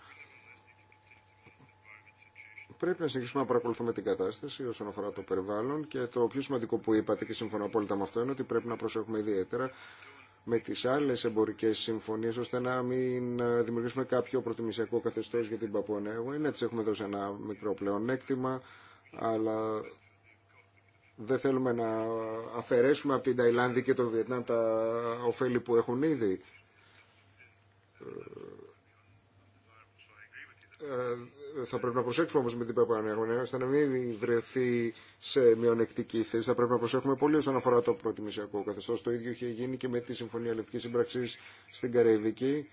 Πρέπει να συνεχίσουμε να παρακολουθούμε την κατάσταση όσον αφορά το περιβάλλον και το πιο σημαντικό που είπατε και συμφωνώ απόλυτα με αυτό είναι ότι πρέπει να προσέχουμε ιδιαίτερα με τις άλλες εμπορικές συμφωνίες ώστε να μην ε, δημιουργήσουμε κάποιο προτιμησιακό καθεστώς για την Παπονέου. Είναι, τις έχουμε δώσει ένα μικρό πλεονέκτημα, αλλά δεν θέλουμε να αφαιρέσουμε από την Ταϊλάνδη και το Βιετνάμ τα ωφέλη που έχουν ήδη. Ε, ε, θα πρέπει να προσέξουμε όμω με την ΠΕΠΑ ώστε να μην βρεθεί σε μειονεκτική θέση. Θα πρέπει να προσέχουμε πολύ όσον αφορά το προτιμησιακό καθεστώ. Το ίδιο είχε γίνει και με τη Συμφωνία Λευκή Σύμπραξη στην Καραϊβική.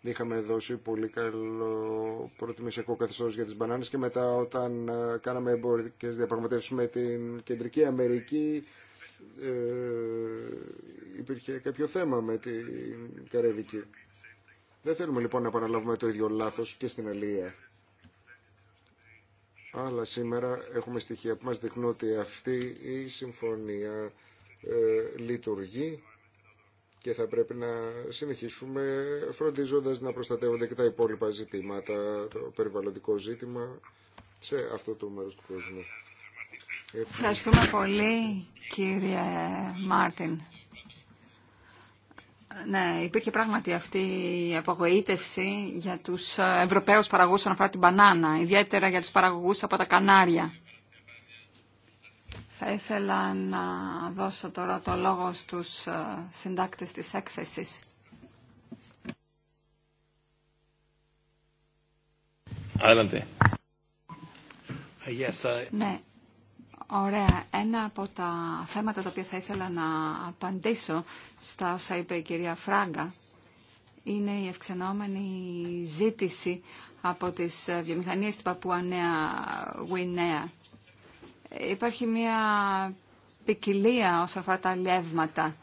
Είχαμε δώσει πολύ καλό προτιμησιακό καθεστώ για τι μπανάνε και μετά όταν ε, κάναμε εμπορικέ διαπραγματεύσει με την Κεντρική Αμερική. Ε, υπήρχε κάποιο θέμα με την Καραϊβική. Δεν θέλουμε λοιπόν να επαναλάβουμε το ίδιο λάθος και στην Αλία. Αλλά σήμερα έχουμε στοιχεία που μας δείχνουν ότι αυτή η συμφωνία ε, λειτουργεί και θα πρέπει να συνεχίσουμε φροντίζοντας να προστατεύονται και τα υπόλοιπα ζητήματα, το περιβαλλοντικό ζήτημα σε αυτό το μέρος του κόσμου. Ευχαριστούμε πολύ κύριε Μάρτιν. Ναι, υπήρχε πράγματι αυτή η απογοήτευση για τους Ευρωπαίους παραγωγούς όσον αφορά την μπανάνα, ιδιαίτερα για τους παραγωγούς από τα Κανάρια. Θα ήθελα να δώσω τώρα το λόγο στους ε, συντάκτες της έκθεσης. Ναι, Ωραία. Ένα από τα θέματα τα οποία θα ήθελα να απαντήσω στα όσα είπε η κυρία Φράγκα είναι η ευξενόμενη ζήτηση από τις βιομηχανίες του Παππούα Νέα Γουινέα. Υπάρχει μια ποικιλία όσον αφορά τα λεύματα.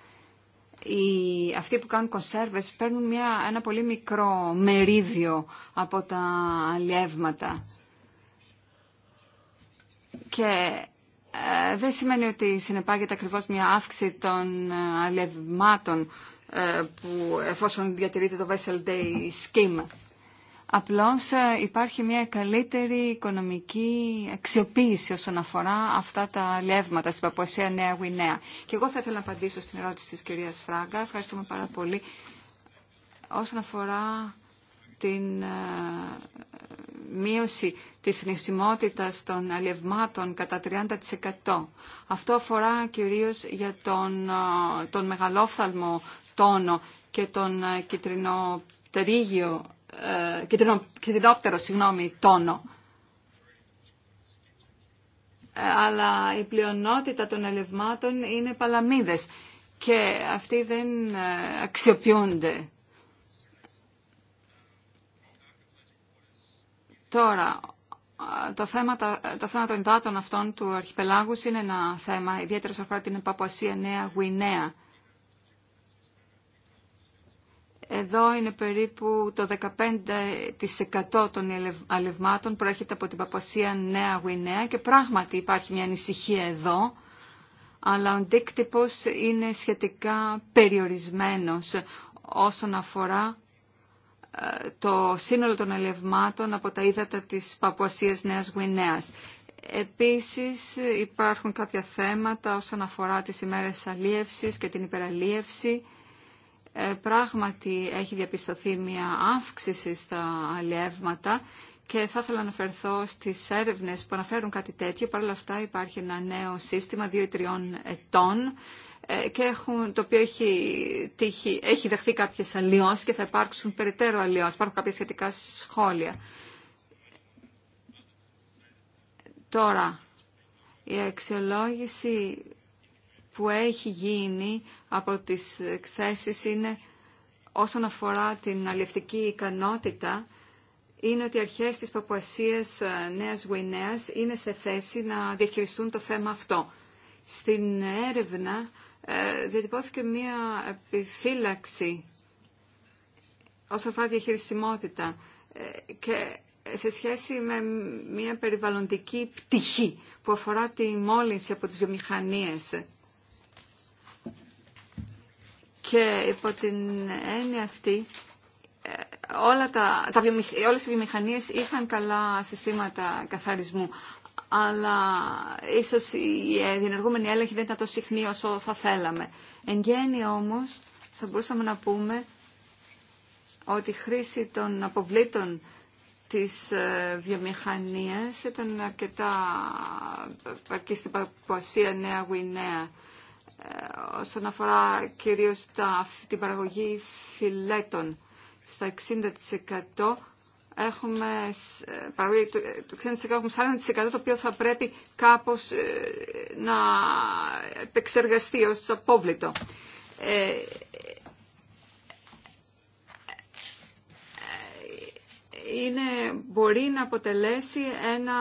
Οι, αυτοί που κάνουν κονσέρβες παίρνουν μια, ένα πολύ μικρό μερίδιο από τα λεύματα. Και ε, δεν σημαίνει ότι συνεπάγεται ακριβώς μια αύξηση των ε, αλευμάτων ε, που εφόσον διατηρείται το Vessel Day Scheme. Απλώς υπάρχει μια καλύτερη οικονομική αξιοποίηση όσον αφορά αυτά τα λεύματα στην Παπουασία Νέα Γουινέα. Και εγώ θα ήθελα να απαντήσω στην ερώτηση της κυρίας Φράγκα. Ευχαριστούμε πάρα πολύ. Όσον αφορά την ε, μείωση της συνεισιμότητας των αλευμάτων κατά 30%. Αυτό αφορά κυρίως για τον, ε, τον μεγαλόφθαλμο τόνο και τον ε, κυτρινοπτερίγιο, κυτρινο, κυτρινόπτερο συγγνώμη, τόνο. Αλλά η πλειονότητα των αλευμάτων είναι παλαμίδες και αυτοί δεν αξιοποιούνται Τώρα, το θέμα, το θέμα των υδάτων αυτών του αρχιπελάγους είναι ένα θέμα, ιδιαίτερα σε αφορά την Παπουασία Νέα Γουινέα. Εδώ είναι περίπου το 15% των αλευμάτων προέρχεται από την Παπασία Νέα Γουινέα και πράγματι υπάρχει μια ανησυχία εδώ, αλλά ο αντίκτυπος είναι σχετικά περιορισμένος όσον αφορά το σύνολο των ελευμάτων από τα ύδατα της Παπουασίας Νέας Γουινέας. Επίσης υπάρχουν κάποια θέματα όσον αφορά τις ημέρες αλίευσης και την υπεραλίευση. Ε, πράγματι έχει διαπιστωθεί μια αύξηση στα αλιεύματα και θα ήθελα να αναφερθώ στις έρευνες που αναφέρουν κάτι τέτοιο. Παρ' όλα αυτά υπάρχει ένα νέο ή τριών ετών ε, και έχουν, το οποίο έχει, έχει δεχθεί κάποιες αλλοιώσεις και θα υπάρξουν περιττέρω αλλοιώσεις. Υπάρχουν κάποια σχετικά σχόλια. Τώρα, η αξιολόγηση που έχει γίνει από τις εκθέσεις είναι όσον αφορά την αλληλευτική ικανότητα είναι ότι οι αρχές της Παπουασίας ε, Νέας Γουινέας είναι σε θέση να διαχειριστούν το θέμα αυτό. Στην έρευνα ε, διατυπώθηκε μία επιφύλαξη όσον αφορά τη διαχειρισιμότητα ε, και σε σχέση με μία περιβαλλοντική πτυχή που αφορά τη μόλυνση από τις βιομηχανίες. Και υπό την έννοια αυτή, ε, όλα τα, τα όλες οι βιομηχανίες είχαν καλά συστήματα καθαρισμού αλλά ίσως η διενεργούμενη έλεγχη δεν ήταν τόσο συχνή όσο θα θέλαμε. Εν γέννη όμως θα μπορούσαμε να πούμε ότι η χρήση των αποβλήτων της ε, βιομηχανίας ήταν αρκετά αρκεί στην Παπουασία Νέα Γουινέα ε, όσον αφορά κυρίως τα, την παραγωγή φιλέτων. Στα 60% έχουμε ε, παρόλο το 60% ε, έχουμε 40% το οποίο θα πρέπει κάπως ε, να επεξεργαστεί ως απόβλητο. Ε, είναι, μπορεί να αποτελέσει ένα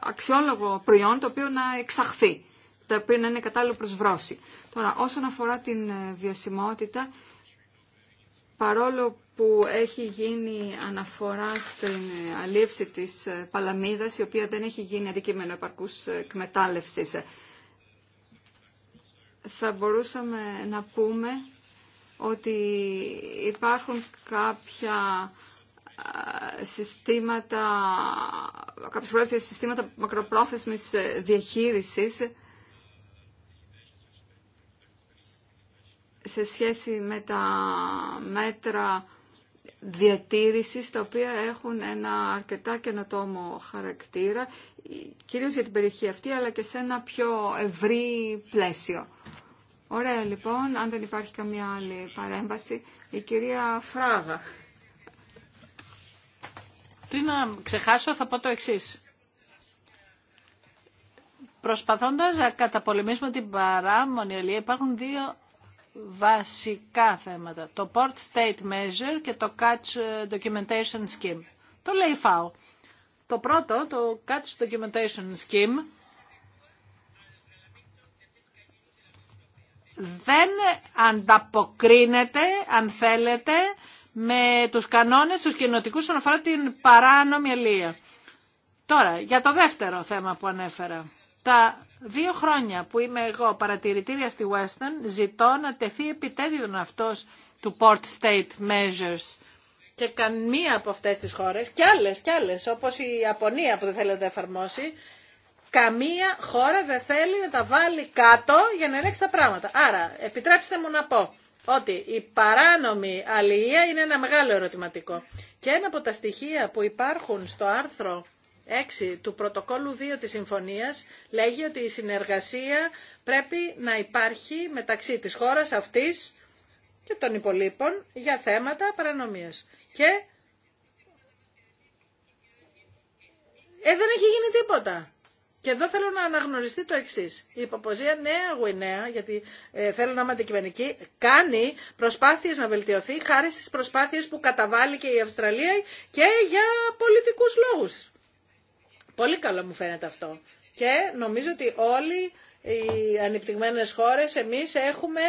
αξιόλογο προϊόν το οποίο να εξαχθεί, το οποίο να είναι κατάλληλο προς βρώση. Τώρα, όσον αφορά την βιωσιμότητα, παρόλο που έχει γίνει αναφορά στην αλήψη της παλαμίδας, η οποία δεν έχει γίνει αντικείμενο επαρκούς εκμετάλλευσης. Θα μπορούσαμε να πούμε ότι υπάρχουν κάποια ε, συστήματα, κάποιες προβλέψεις συστήματα μακροπρόθεσμης ε, διαχείρισης σε σχέση με τα μέτρα διατήρησης τα οποία έχουν ένα αρκετά καινοτόμο χαρακτήρα κυρίως για την περιοχή αυτή αλλά και σε ένα πιο ευρύ πλαίσιο. Ωραία λοιπόν, αν δεν υπάρχει καμία άλλη παρέμβαση, η κυρία Φράγα. Πριν να ξεχάσω θα πω το εξής. Προσπαθώντας να καταπολεμήσουμε την παράμονη αλληλεία υπάρχουν δύο βασικά θέματα. Το Port State Measure και το Catch Documentation Scheme. Το λέει η ΦΑΟ. Το πρώτο, το Catch Documentation Scheme, δεν ανταποκρίνεται, αν θέλετε, με τους κανόνες, τους κοινοτικούς, όσον αφορά την παράνομη αλληλεία. Τώρα, για το δεύτερο θέμα που ανέφερα. Τα δύο χρόνια που είμαι εγώ παρατηρητήρια στη Western, ζητώ να τεθεί επιτέδιον αυτός του Port State Measures και καμία από αυτές τις χώρες, και άλλες, και άλλες, όπως η Ιαπωνία που δεν θέλει να εφαρμόσει, καμία χώρα δεν θέλει να τα βάλει κάτω για να ελέγξει τα πράγματα. Άρα, επιτρέψτε μου να πω ότι η παράνομη αλληλεία είναι ένα μεγάλο ερωτηματικό. Και ένα από τα στοιχεία που υπάρχουν στο άρθρο 6 του πρωτοκόλου 2 της συμφωνίας λέγει ότι η συνεργασία πρέπει να υπάρχει μεταξύ της χώρας αυτής και των υπολείπων για θέματα παρανομίας. Και ε, δεν έχει γίνει τίποτα. Και εδώ θέλω να αναγνωριστεί το εξή. Η υποποζία Νέα Γουινέα, γιατί ε, θέλω να είμαι αντικειμενική, κάνει προσπάθειε να βελτιωθεί χάρη στι προσπάθειε που καταβάλει και η Αυστραλία και για πολιτικού λόγου. Πολύ καλό μου φαίνεται αυτό. Και νομίζω ότι όλοι οι ανεπτυγμένες χώρες εμείς έχουμε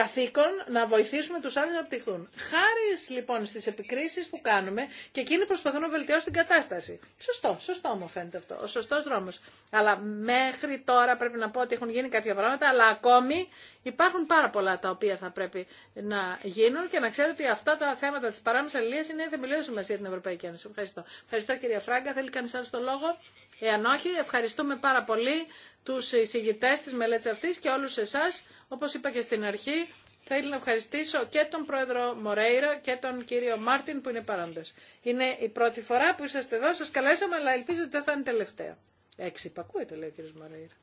καθήκον να βοηθήσουμε τους άλλους να απτυχθούν. Χάρη λοιπόν στις επικρίσεις που κάνουμε και εκείνοι προσπαθούν να βελτιώσουν την κατάσταση. Σωστό, σωστό μου φαίνεται αυτό, ο σωστός δρόμος. Αλλά μέχρι τώρα πρέπει να πω ότι έχουν γίνει κάποια πράγματα, αλλά ακόμη υπάρχουν πάρα πολλά τα οποία θα πρέπει να γίνουν και να ξέρω ότι αυτά τα θέματα της παράμεσα αλληλείας είναι θεμελιώδη σημασία για την Ευρωπαϊκή Ένωση. Ευχαριστώ. Ευχαριστώ κυρία Φράγκα. Θέλει κανείς άλλο το λόγο. Εάν όχι, ευχαριστούμε πάρα πολύ τους εισηγητές της μελέτης αυτής και όλους εσάς. Όπως είπα και στην αρχή, θα ήθελα να ευχαριστήσω και τον πρόεδρο Μορέιρα και τον κύριο Μάρτιν που είναι παρόντες. Είναι η πρώτη φορά που είσαστε εδώ, σας καλέσαμε, αλλά ελπίζω ότι δεν θα είναι τελευταία. Έξι υπακούεται, λέει ο κύριος Μορέιρα.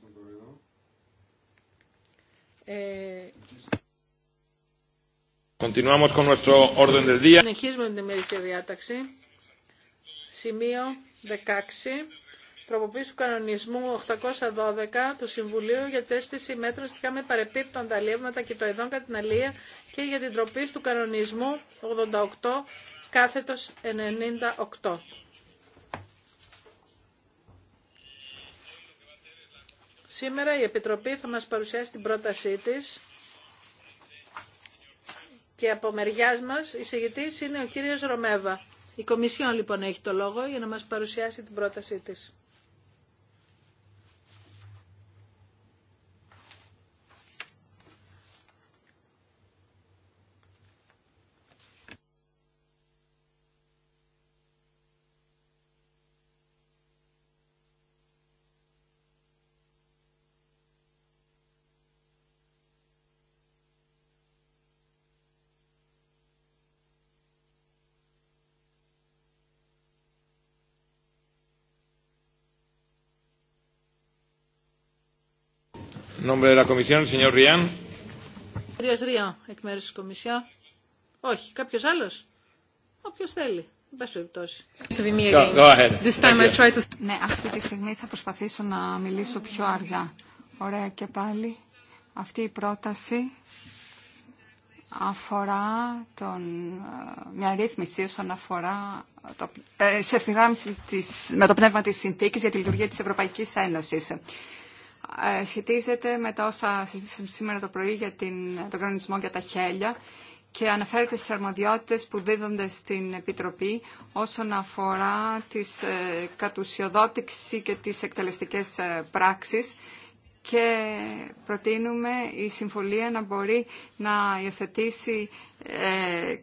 Πού τώρα εδώ. Ε... Continuamos con Συνεχίζουμε την ημερήσια διάταξη. Σημείο 16. Τροποποίηση του κανονισμού 812 του Συμβουλίου για τη θέσπιση μέτρων σχετικά με παρεπίπτοντα αλλιεύματα και το ειδών κατά την και για την τροποποίηση του κανονισμού 88 κάθετος 98. Σήμερα η Επιτροπή θα μας παρουσιάσει την πρότασή της και από μεριά μα εισηγητή είναι ο κύριο Ρωμέβα. Η Κομισιόν λοιπόν έχει το λόγο για να μα παρουσιάσει την πρότασή τη. Nombre de la Comisión, señor Rian. Κύριος εκ μέρους της Κομισιόν. Όχι, κάποιος άλλος. Όποιος θέλει. Ναι, αυτή τη στιγμή θα προσπαθήσω να μιλήσω πιο αργά. Ωραία και πάλι. Αυτή η πρόταση αφορά τον, ε, μια ρύθμιση όσον αφορά το, ε, σε ευθυγράμμιση της, με το πνεύμα της συνθήκης για τη λειτουργία της Ευρωπαϊκής Ένωσης. Ε, σχετίζεται με τα όσα συζήτησαμε σήμερα το πρωί για την, τον κανονισμό για τα χέλια και αναφέρεται στις αρμοδιότητες που δίδονται στην Επιτροπή όσον αφορά τις ε, κατουσιοδότηση και τις εκτελεστικές ε, πράξεις και προτείνουμε η Συμφωνία να μπορεί να υιοθετήσει ε,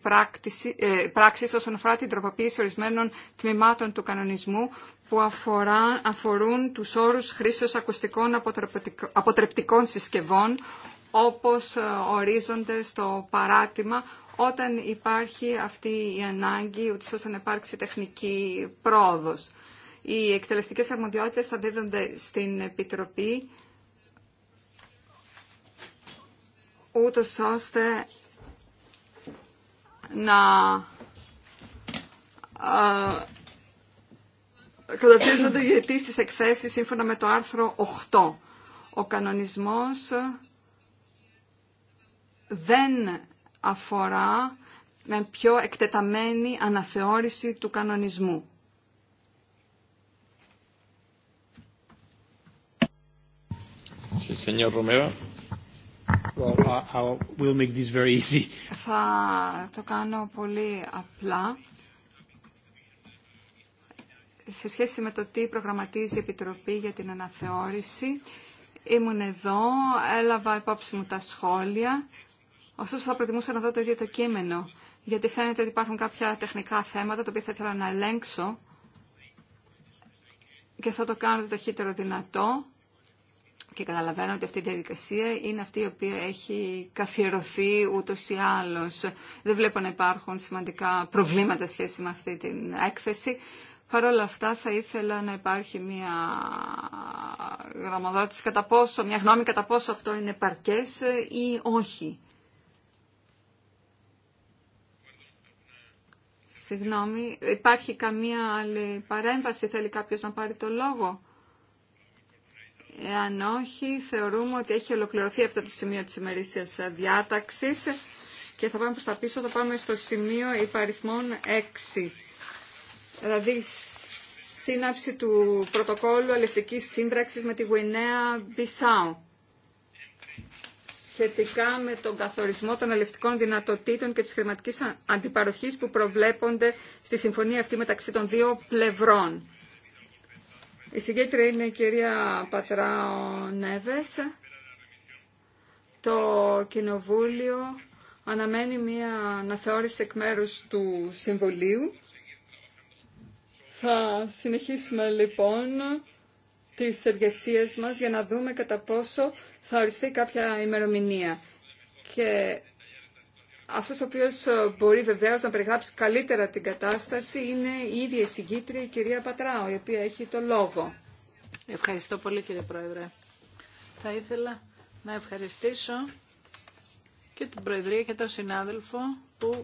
πράξη πράξης όσον αφορά την τροποποίηση ορισμένων τμήματων του κανονισμού που αφορά, αφορούν τους όρους χρήσεως ακουστικών αποτρεπτικών συσκευών όπως ε, ορίζονται στο παράτημα όταν υπάρχει αυτή η ανάγκη ούτως ώστε να υπάρξει τεχνική πρόοδος. Οι εκτελεστικές αρμοδιότητες θα δίδονται στην Επιτροπή ούτως ώστε να ε, καταπιέζονται οι αιτήσεις εκθέσει σύμφωνα με το άρθρο 8. Ο κανονισμός δεν αφορά με πιο εκτεταμένη αναθεώρηση του κανονισμού. Θα το κάνω πολύ απλά σε σχέση με το τι προγραμματίζει η Επιτροπή για την αναθεώρηση. Ήμουν εδώ, έλαβα υπόψη μου τα σχόλια, ωστόσο θα προτιμούσα να δω το ίδιο το κείμενο, γιατί φαίνεται ότι υπάρχουν κάποια τεχνικά θέματα, τα οποία θα ήθελα να ελέγξω και θα το κάνω το ταχύτερο δυνατό. Και καταλαβαίνω ότι αυτή η διαδικασία είναι αυτή η οποία έχει καθιερωθεί ούτω ή άλλω. Δεν βλέπω να υπάρχουν σημαντικά προβλήματα σχέση με αυτή την έκθεση. Παρ' όλα αυτά θα ήθελα να υπάρχει μια γραμμοδότηση κατά μια γνώμη κατά πόσο αυτό είναι παρκές ή όχι. Συγγνώμη, υπάρχει καμία άλλη παρέμβαση, θέλει κάποιος να πάρει το λόγο. Εάν όχι, θεωρούμε ότι έχει ολοκληρωθεί αυτό το σημείο της ημερήσιας διάταξης και θα πάμε προς τα πίσω, θα πάμε στο σημείο υπαριθμών 6 δηλαδή σύναψη του πρωτοκόλου αλευτικής σύμπραξης με τη Γουινέα Μπισάου σχετικά με τον καθορισμό των αλευτικών δυνατοτήτων και της χρηματικής αντιπαροχής που προβλέπονται στη συμφωνία αυτή μεταξύ των δύο πλευρών. Η συγκέντρια είναι η κυρία Πατράο Νέβες. Το Κοινοβούλιο αναμένει μια αναθεώρηση εκ μέρους του Συμβουλίου θα συνεχίσουμε λοιπόν τις εργασίες μας για να δούμε κατά πόσο θα οριστεί κάποια ημερομηνία. Και αυτός ο οποίος μπορεί βεβαίως να περιγράψει καλύτερα την κατάσταση είναι η ίδια η συγκήτρια, η κυρία Πατράου, η οποία έχει το λόγο. Ευχαριστώ πολύ κύριε Πρόεδρε. Θα ήθελα να ευχαριστήσω και την Προεδρία και τον συνάδελφο που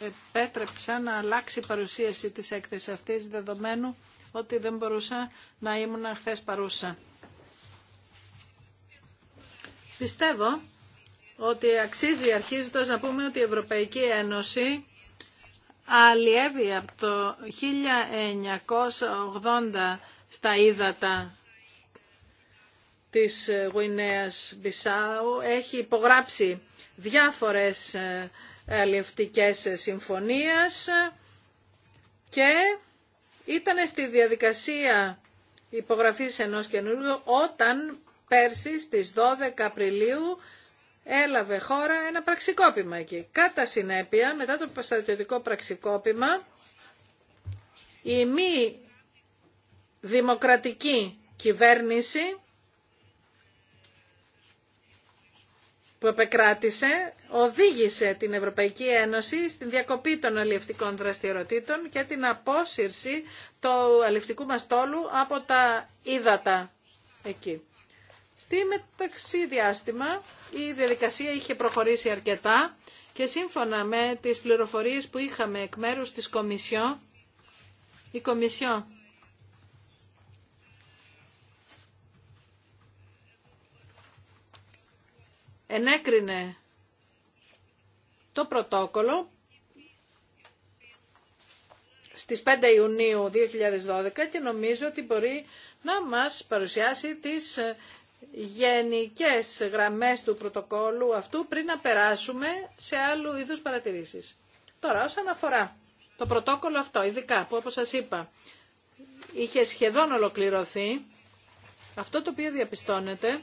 επέτρεψα να αλλάξει η παρουσίαση της έκθεσης αυτής, δεδομένου ότι δεν μπορούσα να ήμουν χθε παρούσα. Πιστεύω ότι αξίζει αρχίζοντας να πούμε ότι η Ευρωπαϊκή Ένωση αλλιεύει από το 1980 στα ύδατα της Γουινέας Μπισάου. Έχει υπογράψει διάφορες ε, αλληλευτικές συμφωνίες και ήταν στη διαδικασία υπογραφής ενός καινούργιου όταν πέρσι στις 12 Απριλίου έλαβε χώρα ένα πραξικόπημα εκεί. Κατά συνέπεια, μετά το στρατιωτικό πραξικόπημα, η μη δημοκρατική κυβέρνηση που επεκράτησε οδήγησε την Ευρωπαϊκή Ένωση στην διακοπή των αλληλευτικών δραστηριοτήτων και την απόσυρση του αλληλευτικού μας τόλου από τα ύδατα εκεί. Στη μεταξύ διάστημα η διαδικασία είχε προχωρήσει αρκετά και σύμφωνα με τις πληροφορίες που είχαμε εκ μέρους της Κομισιό, η Κομισιό ενέκρινε το πρωτόκολλο στις 5 Ιουνίου 2012 και νομίζω ότι μπορεί να μας παρουσιάσει τις γενικές γραμμές του πρωτοκόλλου αυτού πριν να περάσουμε σε άλλου είδους παρατηρήσεις. Τώρα, όσον αφορά το πρωτόκολλο αυτό, ειδικά που όπως σας είπα είχε σχεδόν ολοκληρωθεί, αυτό το οποίο διαπιστώνεται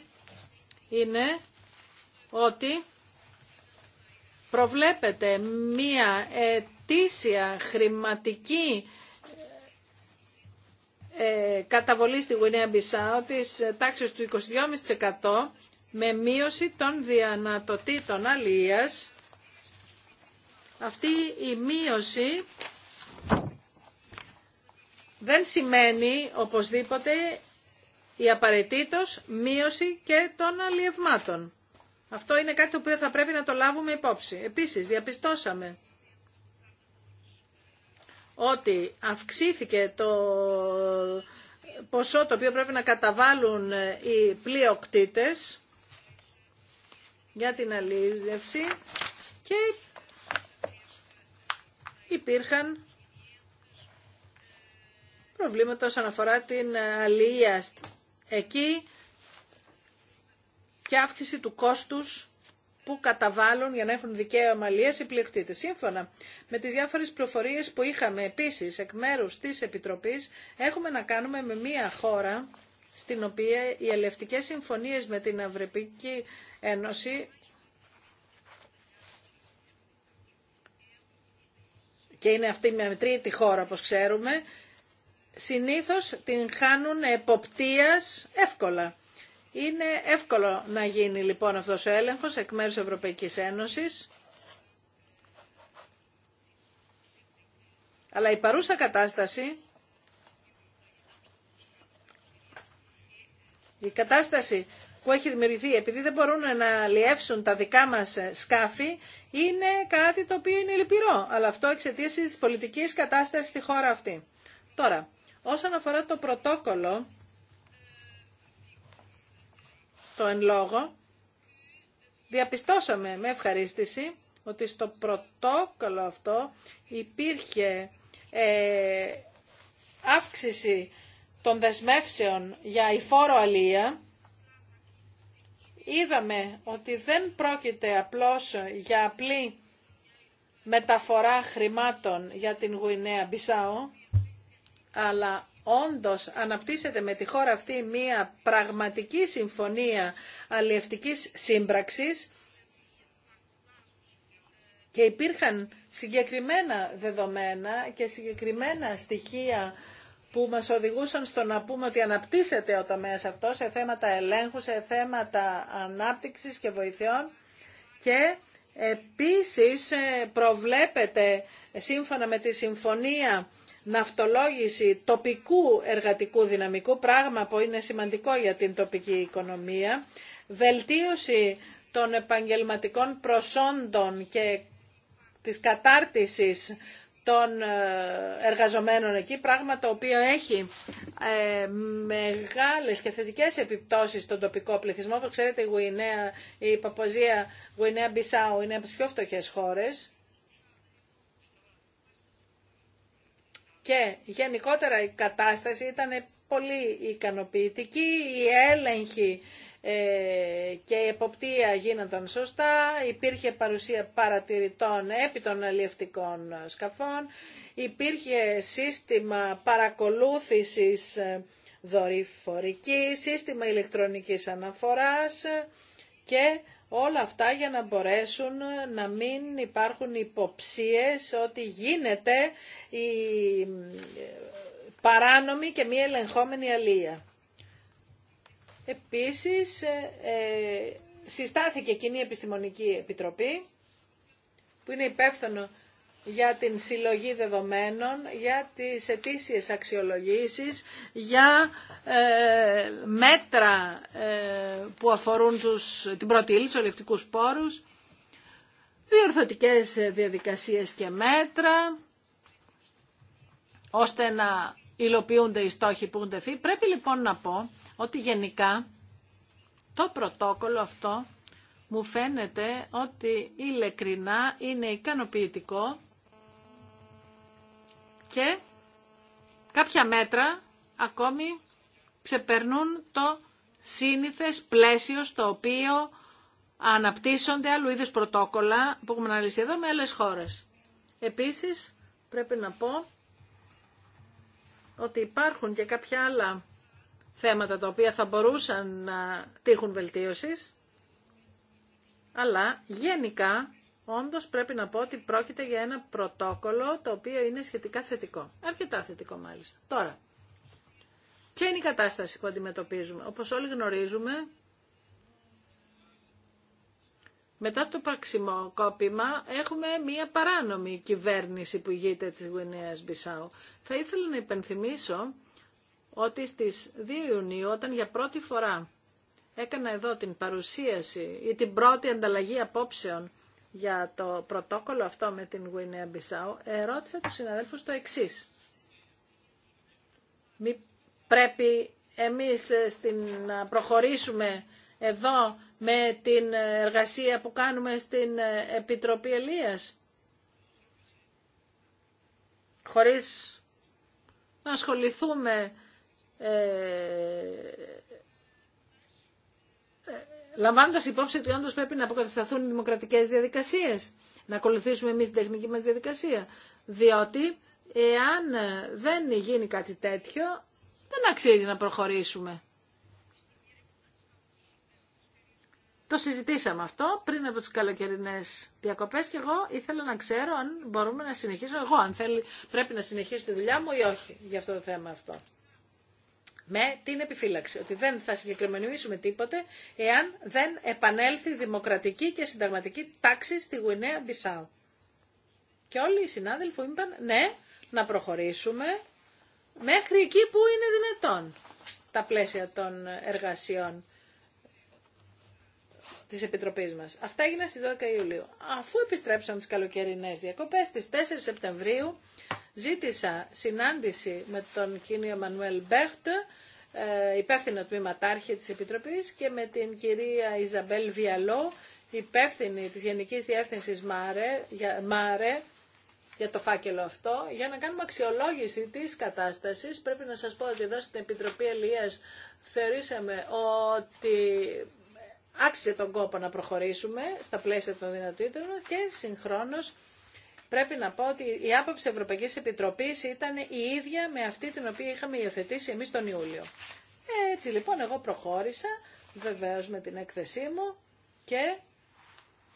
είναι ότι προβλέπεται μία ετήσια χρηματική ε, καταβολή στη Γουινέα Μπισάου της ε, τάξης του 22,5% με μείωση των διανατοτήτων αλίας. Αυτή η μείωση δεν σημαίνει οπωσδήποτε η απαραίτητος μείωση και των αλλιευμάτων. Αυτό είναι κάτι το οποίο θα πρέπει να το λάβουμε υπόψη. Επίσης, διαπιστώσαμε ότι αυξήθηκε το ποσό το οποίο πρέπει να καταβάλουν οι πλειοκτήτες για την αλληλεύση και υπήρχαν προβλήματα όσον αφορά την αλληλεία Εκεί και αύξηση του κόστους που καταβάλουν για να έχουν δικαίωμα αλληλεία οι Σύμφωνα με τι διάφορες πληροφορίε που είχαμε επίσης εκ μέρους της Επιτροπής, έχουμε να κάνουμε με μία χώρα στην οποία οι ελευτικές συμφωνίες με την Αυρεπική Ένωση και είναι αυτή μια τρίτη χώρα όπως ξέρουμε, συνήθως την χάνουν εποπτείας εύκολα. Είναι εύκολο να γίνει λοιπόν αυτός ο έλεγχος εκ μέρους Ευρωπαϊκής Ένωσης. Αλλά η παρούσα κατάσταση, η κατάσταση που έχει δημιουργηθεί επειδή δεν μπορούν να λιεύσουν τα δικά μας σκάφη, είναι κάτι το οποίο είναι λυπηρό. Αλλά αυτό εξαιτίας της πολιτικής κατάστασης στη χώρα αυτή. Τώρα, όσον αφορά το πρωτόκολλο το εν λόγω, διαπιστώσαμε με ευχαρίστηση ότι στο πρωτόκολλο αυτό υπήρχε ε, αύξηση των δεσμεύσεων για η φόρο αλία. Είδαμε ότι δεν πρόκειται απλώς για απλή μεταφορά χρημάτων για την Γουινέα Μπισάου, αλλά όντως αναπτύσσεται με τη χώρα αυτή μια πραγματική συμφωνία αλλιευτικής σύμπραξης και υπήρχαν συγκεκριμένα δεδομένα και συγκεκριμένα στοιχεία που μας οδηγούσαν στο να πούμε ότι αναπτύσσεται ο τομέας αυτό σε θέματα ελέγχου, σε θέματα ανάπτυξης και βοηθειών και επίσης ε, προβλέπεται σύμφωνα με τη συμφωνία ναυτολόγηση τοπικού εργατικού δυναμικού, πράγμα που είναι σημαντικό για την τοπική οικονομία, βελτίωση των επαγγελματικών προσόντων και της κατάρτισης των ε, εργαζομένων εκεί, πράγμα το οποίο έχει ε, μεγάλες και θετικές επιπτώσεις στον τοπικό πληθυσμό. Όπως ξέρετε η Γουινέα, η Γουινέα Μπισάου είναι από τις πιο φτωχές χώρες και γενικότερα η κατάσταση ήταν πολύ ικανοποιητική, η έλεγχη ε, και η εποπτεία γίνονταν σωστά, υπήρχε παρουσία παρατηρητών επί των αλλιευτικών σκαφών, υπήρχε σύστημα παρακολούθησης δορυφορική, σύστημα ηλεκτρονικής αναφοράς και Όλα αυτά για να μπορέσουν να μην υπάρχουν υποψίες ότι γίνεται η παράνομη και μη ελεγχόμενη αλία. Επίσης, ε, ε, συστάθηκε κοινή επιστημονική επιτροπή που είναι υπεύθυνο για την συλλογή δεδομένων, για τις ετήσιες αξιολογήσεις, για ε, μέτρα ε, που αφορούν τους, την πρώτη ύλη, τους πόρους, διορθωτικές διαδικασίες και μέτρα, ώστε να υλοποιούνται οι στόχοι που έχουν τεθεί. Πρέπει λοιπόν να πω ότι γενικά το πρωτόκολλο αυτό μου φαίνεται ότι ειλικρινά είναι ικανοποιητικό και κάποια μέτρα ακόμη ξεπερνούν το σύνηθες πλαίσιο στο οποίο αναπτύσσονται άλλου είδους πρωτόκολλα που έχουμε αναλύσει εδώ με άλλες χώρες. Επίσης πρέπει να πω ότι υπάρχουν και κάποια άλλα θέματα τα οποία θα μπορούσαν να τύχουν βελτίωσης, αλλά γενικά Όντως πρέπει να πω ότι πρόκειται για ένα πρωτόκολλο το οποίο είναι σχετικά θετικό. Αρκετά θετικό μάλιστα. Τώρα, ποια είναι η κατάσταση που αντιμετωπίζουμε. Όπως όλοι γνωρίζουμε, μετά το κόπημα έχουμε μία παράνομη κυβέρνηση που ηγείται της Γουινέας Μπισάου. Θα ήθελα να υπενθυμίσω ότι στις 2 Ιουνίου, όταν για πρώτη φορά έκανα εδώ την παρουσίαση ή την πρώτη ανταλλαγή απόψεων για το πρωτόκολλο αυτό με την Γουινέα Μπισάου, ερώτησα τους συναδέλφους το εξής. Μη πρέπει εμείς ε, στην, να προχωρήσουμε εδώ με την εργασία που κάνουμε στην ε, Επιτροπή Ελίας. Χωρίς να ασχοληθούμε ε, Λαμβάνοντα υπόψη ότι όντω πρέπει να αποκατασταθούν οι δημοκρατικές διαδικασίες, να ακολουθήσουμε εμεί την τεχνική μα διαδικασία, διότι εάν δεν γίνει κάτι τέτοιο, δεν αξίζει να προχωρήσουμε. Το συζητήσαμε αυτό πριν από τις καλοκαιρινές διακοπές και εγώ ήθελα να ξέρω αν μπορούμε να συνεχίσω, εγώ αν πρέπει να συνεχίσω τη δουλειά μου ή όχι για αυτό το θέμα αυτό με την επιφύλαξη ότι δεν θα συγκεκριμενοποιήσουμε τίποτε εάν δεν επανέλθει δημοκρατική και συνταγματική τάξη στη Γουινέα Μπισάου. Και όλοι οι συνάδελφοι είπαν ναι, να προχωρήσουμε μέχρι εκεί που είναι δυνατόν στα πλαίσια των εργασιών της Επιτροπής μας. Αυτά έγιναν στις 12 Ιουλίου. Αφού επιστρέψαμε τις καλοκαιρινές διακοπές, στις 4 Σεπτεμβρίου Ζήτησα συνάντηση με τον κύριο Μανουέλ Μπέρτ, ε, υπεύθυνο τμήματάρχη της Επιτροπής και με την κυρία Ιζαμπέλ Βιαλό, υπεύθυνη της Γενικής Διεύθυνσης ΜΑΡΕ, για, ΜΑΡΕ για το φάκελο αυτό, για να κάνουμε αξιολόγηση της κατάστασης. Πρέπει να σας πω ότι εδώ στην Επιτροπή Ελίας θεωρήσαμε ότι άξιζε τον κόπο να προχωρήσουμε στα πλαίσια των δυνατήτων και συγχρόνως Πρέπει να πω ότι η άποψη της Ευρωπαϊκής Επιτροπής ήταν η ίδια με αυτή την οποία είχαμε υιοθετήσει εμείς τον Ιούλιο. Έτσι λοιπόν εγώ προχώρησα βεβαίως με την έκθεσή μου και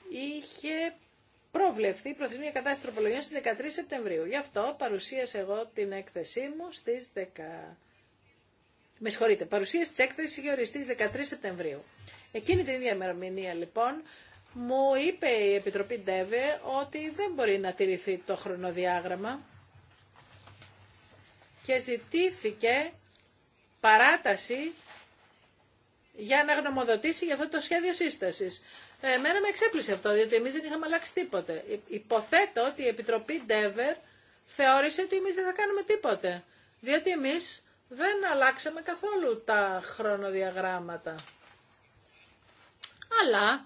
είχε προβλεφθεί η προθεσμία κατάσταση τροπολογιών στις 13 Σεπτεμβρίου. Γι' αυτό παρουσίασα εγώ την έκθεσή μου στις 10... Με συγχωρείτε, παρουσίαση της έκθεσης είχε 13 Σεπτεμβρίου. Εκείνη την ίδια ημερομηνία λοιπόν μου είπε η Επιτροπή ΝΤΕΒΕ ότι δεν μπορεί να τηρηθεί το χρονοδιάγραμμα και ζητήθηκε παράταση για να γνωμοδοτήσει για αυτό το σχέδιο σύστασης. Εμένα με εξέπλησε αυτό, διότι εμείς δεν είχαμε αλλάξει τίποτε. Ε, υποθέτω ότι η Επιτροπή Ντέβερ θεώρησε ότι εμείς δεν θα κάνουμε τίποτε, διότι εμείς δεν αλλάξαμε καθόλου τα χρονοδιαγράμματα. Αλλά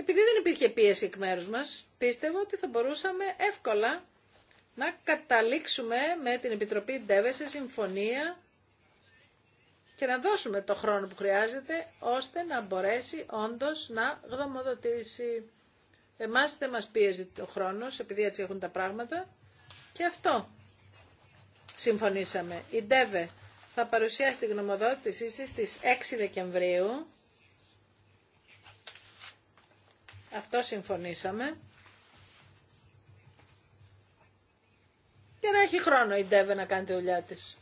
επειδή δεν υπήρχε πίεση εκ μέρους μας, πίστευα ότι θα μπορούσαμε εύκολα να καταλήξουμε με την Επιτροπή ΝΤΕΒΕ σε συμφωνία και να δώσουμε το χρόνο που χρειάζεται ώστε να μπορέσει όντως να γδομοδοτήσει. Εμάς δεν μας πίεζει το χρόνος επειδή έτσι έχουν τα πράγματα και αυτό συμφωνήσαμε. Η ΔΕΒΕ θα παρουσιάσει τη γνωμοδότησή στις 6 Δεκεμβρίου Αυτό συμφωνήσαμε. Για να έχει χρόνο η Ντέβε να κάνει τη δουλειά της.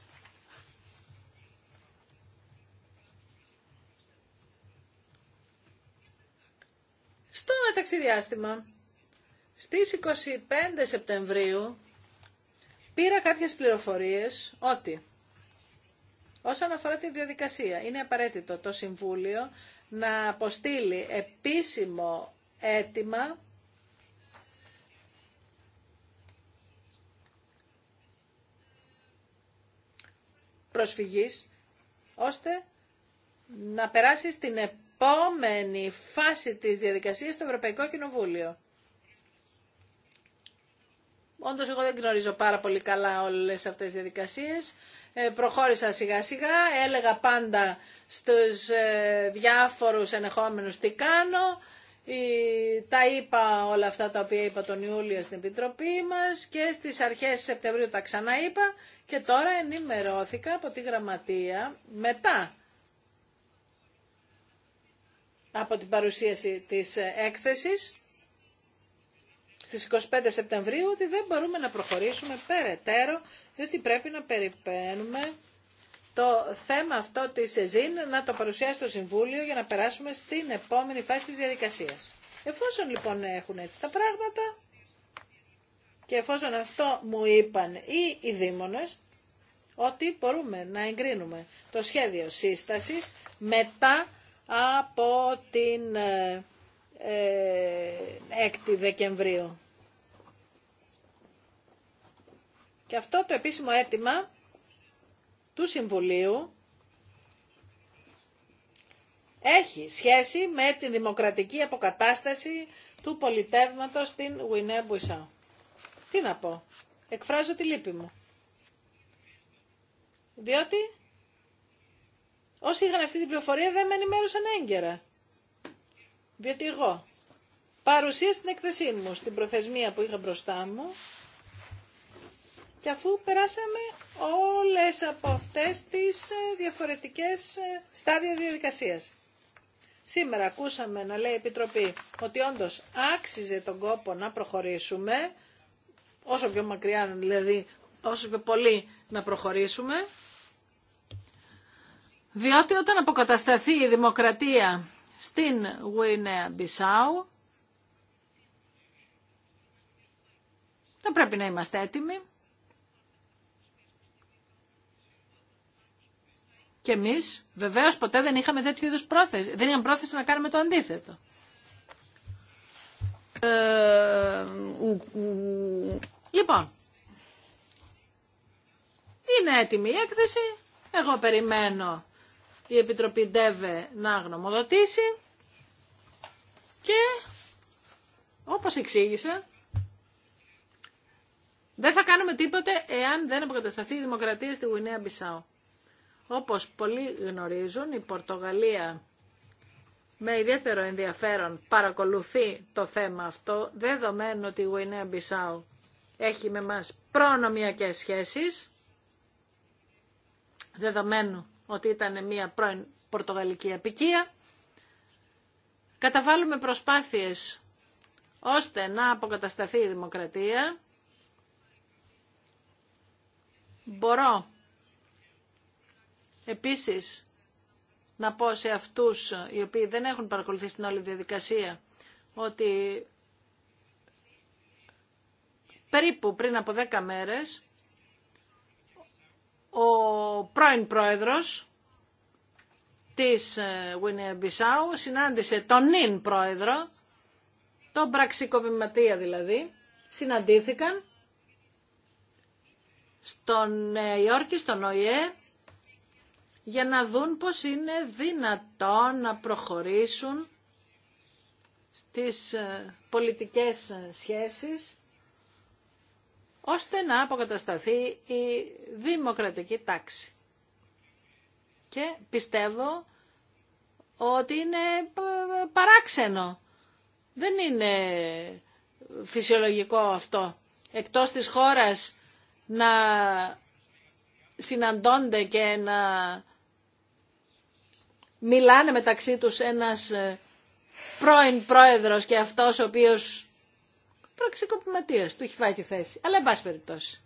Στο στις 25 Σεπτεμβρίου πήρα κάποιες πληροφορίες ότι όσον αφορά τη διαδικασία είναι απαραίτητο το Συμβούλιο να αποστείλει επίσημο Έτοιμα προσφυγής, ώστε να περάσει στην επόμενη φάση της διαδικασίας στο Ευρωπαϊκό Κοινοβούλιο. Όντως εγώ δεν γνωρίζω πάρα πολύ καλά όλες αυτές τις διαδικασίες. Ε, προχώρησα σιγά σιγά, έλεγα πάντα στους ε, διάφορους ενεχόμενους τι κάνω, τα είπα όλα αυτά τα οποία είπα τον Ιούλιο στην Επιτροπή μας και στις αρχές Σεπτεμβρίου τα ξαναείπα και τώρα ενημερώθηκα από τη Γραμματεία μετά από την παρουσίαση της έκθεσης στις 25 Σεπτεμβρίου ότι δεν μπορούμε να προχωρήσουμε περαιτέρω διότι πρέπει να περιπαίνουμε το θέμα αυτό της ΕΖΗΝ να το παρουσιάσει το Συμβούλιο για να περάσουμε στην επόμενη φάση της διαδικασίας. Εφόσον λοιπόν έχουν έτσι τα πράγματα και εφόσον αυτό μου είπαν ή οι δήμονες ότι μπορούμε να εγκρίνουμε το σχέδιο σύστασης μετά από την 6η ε, ε, Δεκεμβρίου. Και αυτό το επίσημο αίτημα του Συμβουλίου έχει σχέση με τη δημοκρατική αποκατάσταση του πολιτεύματος στην Γουινέα Μπουισά. Τι να πω. Εκφράζω τη λύπη μου. Διότι όσοι είχαν αυτή την πληροφορία δεν με ενημέρωσαν έγκαιρα. Διότι εγώ παρουσία στην εκθεσή μου, στην προθεσμία που είχα μπροστά μου και αφού περάσαμε από αυτές τις ε, διαφορετικές ε, στάδια διαδικασίας. Σήμερα ακούσαμε να λέει η Επιτροπή ότι όντως άξιζε τον κόπο να προχωρήσουμε, όσο πιο μακριά δηλαδή, όσο πιο πολύ να προχωρήσουμε, διότι όταν αποκατασταθεί η δημοκρατία στην Γουινέα Μπισάου, δεν πρέπει να είμαστε έτοιμοι. Και εμεί, βεβαίως ποτέ δεν είχαμε τέτοιου είδου πρόθεση. Δεν είχαμε πρόθεση να κάνουμε το αντίθετο. Ε, λοιπόν, είναι έτοιμη η έκθεση. Εγώ περιμένω η Επιτροπή ΝΤΕΒΕ να γνωμοδοτήσει και όπως εξήγησε, δεν θα κάνουμε τίποτε εάν δεν αποκατασταθεί η δημοκρατία στη Γουινέα Μπισάου. Όπως πολλοί γνωρίζουν, η Πορτογαλία με ιδιαίτερο ενδιαφέρον παρακολουθεί το θέμα αυτό, δεδομένου ότι η Γουινέα Μπισάου έχει με μας προνομιακές σχέσεις, δεδομένου ότι ήταν μια πρώην πορτογαλική απικία, καταβάλουμε προσπάθειες ώστε να αποκατασταθεί η δημοκρατία. Μπορώ Επίσης, να πω σε αυτούς οι οποίοι δεν έχουν παρακολουθήσει την όλη διαδικασία ότι περίπου πριν από 10 μέρες ο πρώην πρόεδρος της Γουινέα ε, Μπισάου συνάντησε τον νυν πρόεδρο, τον πραξικοβηματία δηλαδή, συναντήθηκαν στον Νέα Υόρκη, στον ΟΗΕ για να δουν πώς είναι δυνατόν να προχωρήσουν στις ε, πολιτικές ε, σχέσεις ώστε να αποκατασταθεί η δημοκρατική τάξη. Και πιστεύω ότι είναι ε, παράξενο. Δεν είναι φυσιολογικό αυτό. Εκτός της χώρας να συναντώνται και να μιλάνε μεταξύ τους ένας ε, πρώην πρόεδρος και αυτός ο οποίος πραξικοπηματίας του έχει φάει τη θέση. Αλλά εν πάση περιπτώσει.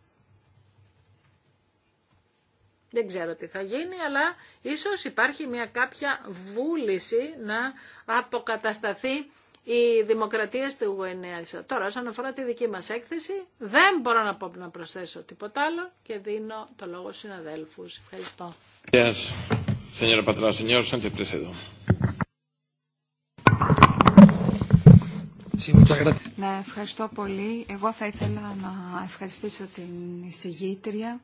Δεν ξέρω τι θα γίνει, αλλά ίσως υπάρχει μια κάποια βούληση να αποκατασταθεί η δημοκρατία στη Γουενέα. Τώρα, όσον αφορά τη δική μας έκθεση, δεν μπορώ να πω να προσθέσω τίποτα άλλο και δίνω το λόγο στους συναδέλφους. Ευχαριστώ. Señora ναι, ευχαριστώ πολύ. Εγώ θα ήθελα να ευχαριστήσω την εισηγήτρια.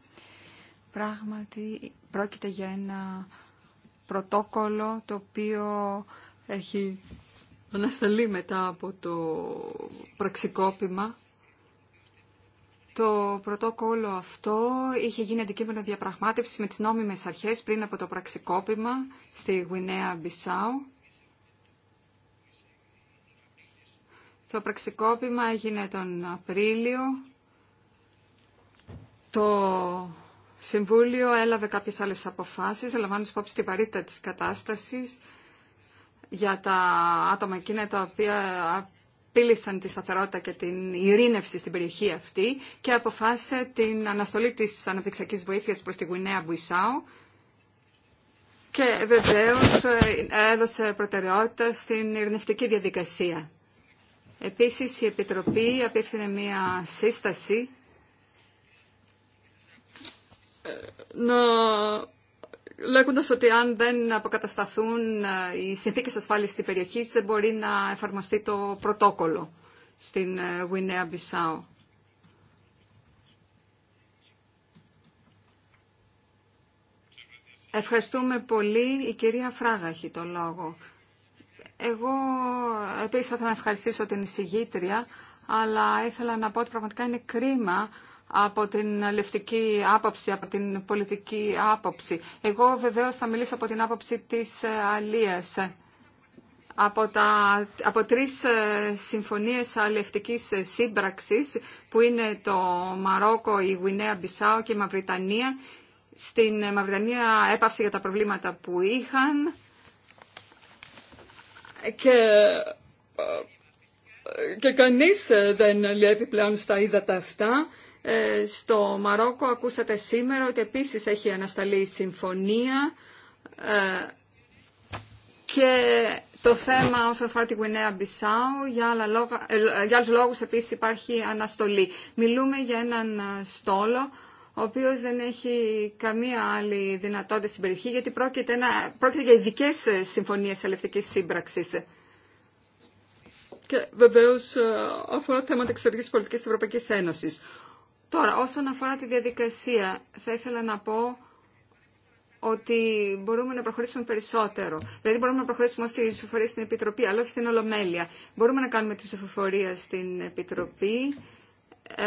Πράγματι, πρόκειται για ένα πρωτόκολλο το οποίο έχει ανασταλεί μετά από το πραξικόπημα το πρωτόκολλο αυτό είχε γίνει αντικείμενο διαπραγμάτευση με τις νόμιμες αρχές πριν από το πραξικόπημα στη Γουινέα Μπισάου. Το πραξικόπημα έγινε τον Απρίλιο. Το Συμβούλιο έλαβε κάποιες άλλες αποφάσεις, λαμβάνοντας υπόψη την παρήτητα της κατάστασης για τα άτομα εκείνα τα οποία απείλησαν τη σταθερότητα και την ειρήνευση στην περιοχή αυτή και αποφάσισε την αναστολή της αναπτυξιακής βοήθειας προς τη Γουινέα Μπουισάου και βεβαίως ε, έδωσε προτεραιότητα στην ειρηνευτική διαδικασία. Επίσης η Επιτροπή απίφθινε μία σύσταση ε, να Λέγοντα ότι αν δεν αποκατασταθούν ε, οι συνθήκες ασφάλειας στην περιοχή δεν μπορεί να εφαρμοστεί το πρωτόκολλο στην ε, Γουινέα Μπισάου. Ευχαριστούμε πολύ. Η κυρία Φράγα έχει το λόγο. Εγώ επίσης θα ήθελα να ευχαριστήσω την εισηγήτρια, αλλά ήθελα να πω ότι πραγματικά είναι κρίμα από την λευτική άποψη, από την πολιτική άποψη. Εγώ βεβαίως θα μιλήσω από την άποψη της ε, αλίας. Από, τα, από τρεις ε, συμφωνίες αλληλευτικής ε, σύμπραξης που είναι το Μαρόκο, η Γουινέα Μπισάο και η Μαυριτανία. Στην Μαυριτανία έπαυσε για τα προβλήματα που είχαν και, και κανείς δεν λέει πλέον στα τα αυτά. Ε, στο Μαρόκο ακούσατε σήμερα ότι επίσης έχει ανασταλεί η συμφωνία ε, και το θέμα όσον αφορά τη Γουινέα Μπισάου, για, άλλα λόγα, ε, για άλλους λόγους επίσης υπάρχει αναστολή. Μιλούμε για έναν στόλο ο οποίος δεν έχει καμία άλλη δυνατότητα στην περιοχή, γιατί πρόκειται, για ειδικέ συμφωνίες ελευτικής σύμπραξης. Και βεβαίως αφορά θέματα εξωτερικής πολιτικής της Ευρωπαϊκής Ένωσης. Τώρα, όσον αφορά τη διαδικασία, θα ήθελα να πω ότι μπορούμε να προχωρήσουμε περισσότερο. Δηλαδή μπορούμε να προχωρήσουμε στην ψηφοφορία στην Επιτροπή, αλλά όχι στην Ολομέλεια. Μπορούμε να κάνουμε την ψηφοφορία στην Επιτροπή ε,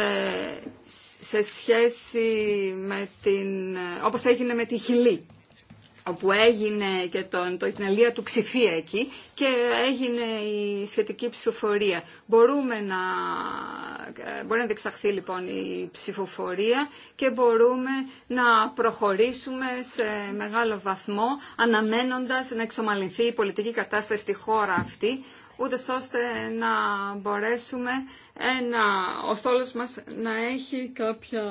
σε σχέση με την... όπως έγινε με τη Χιλή όπου έγινε και τον, το, την αλία του Ξηφία εκεί και έγινε η σχετική ψηφοφορία. Μπορούμε να, ε, μπορεί να διεξαχθεί λοιπόν η ψηφοφορία και μπορούμε να προχωρήσουμε σε μεγάλο βαθμό αναμένοντας να εξομαλυνθεί η πολιτική κατάσταση στη χώρα αυτή ούτε ώστε να μπορέσουμε ένα, ο στόλος μας να έχει κάποια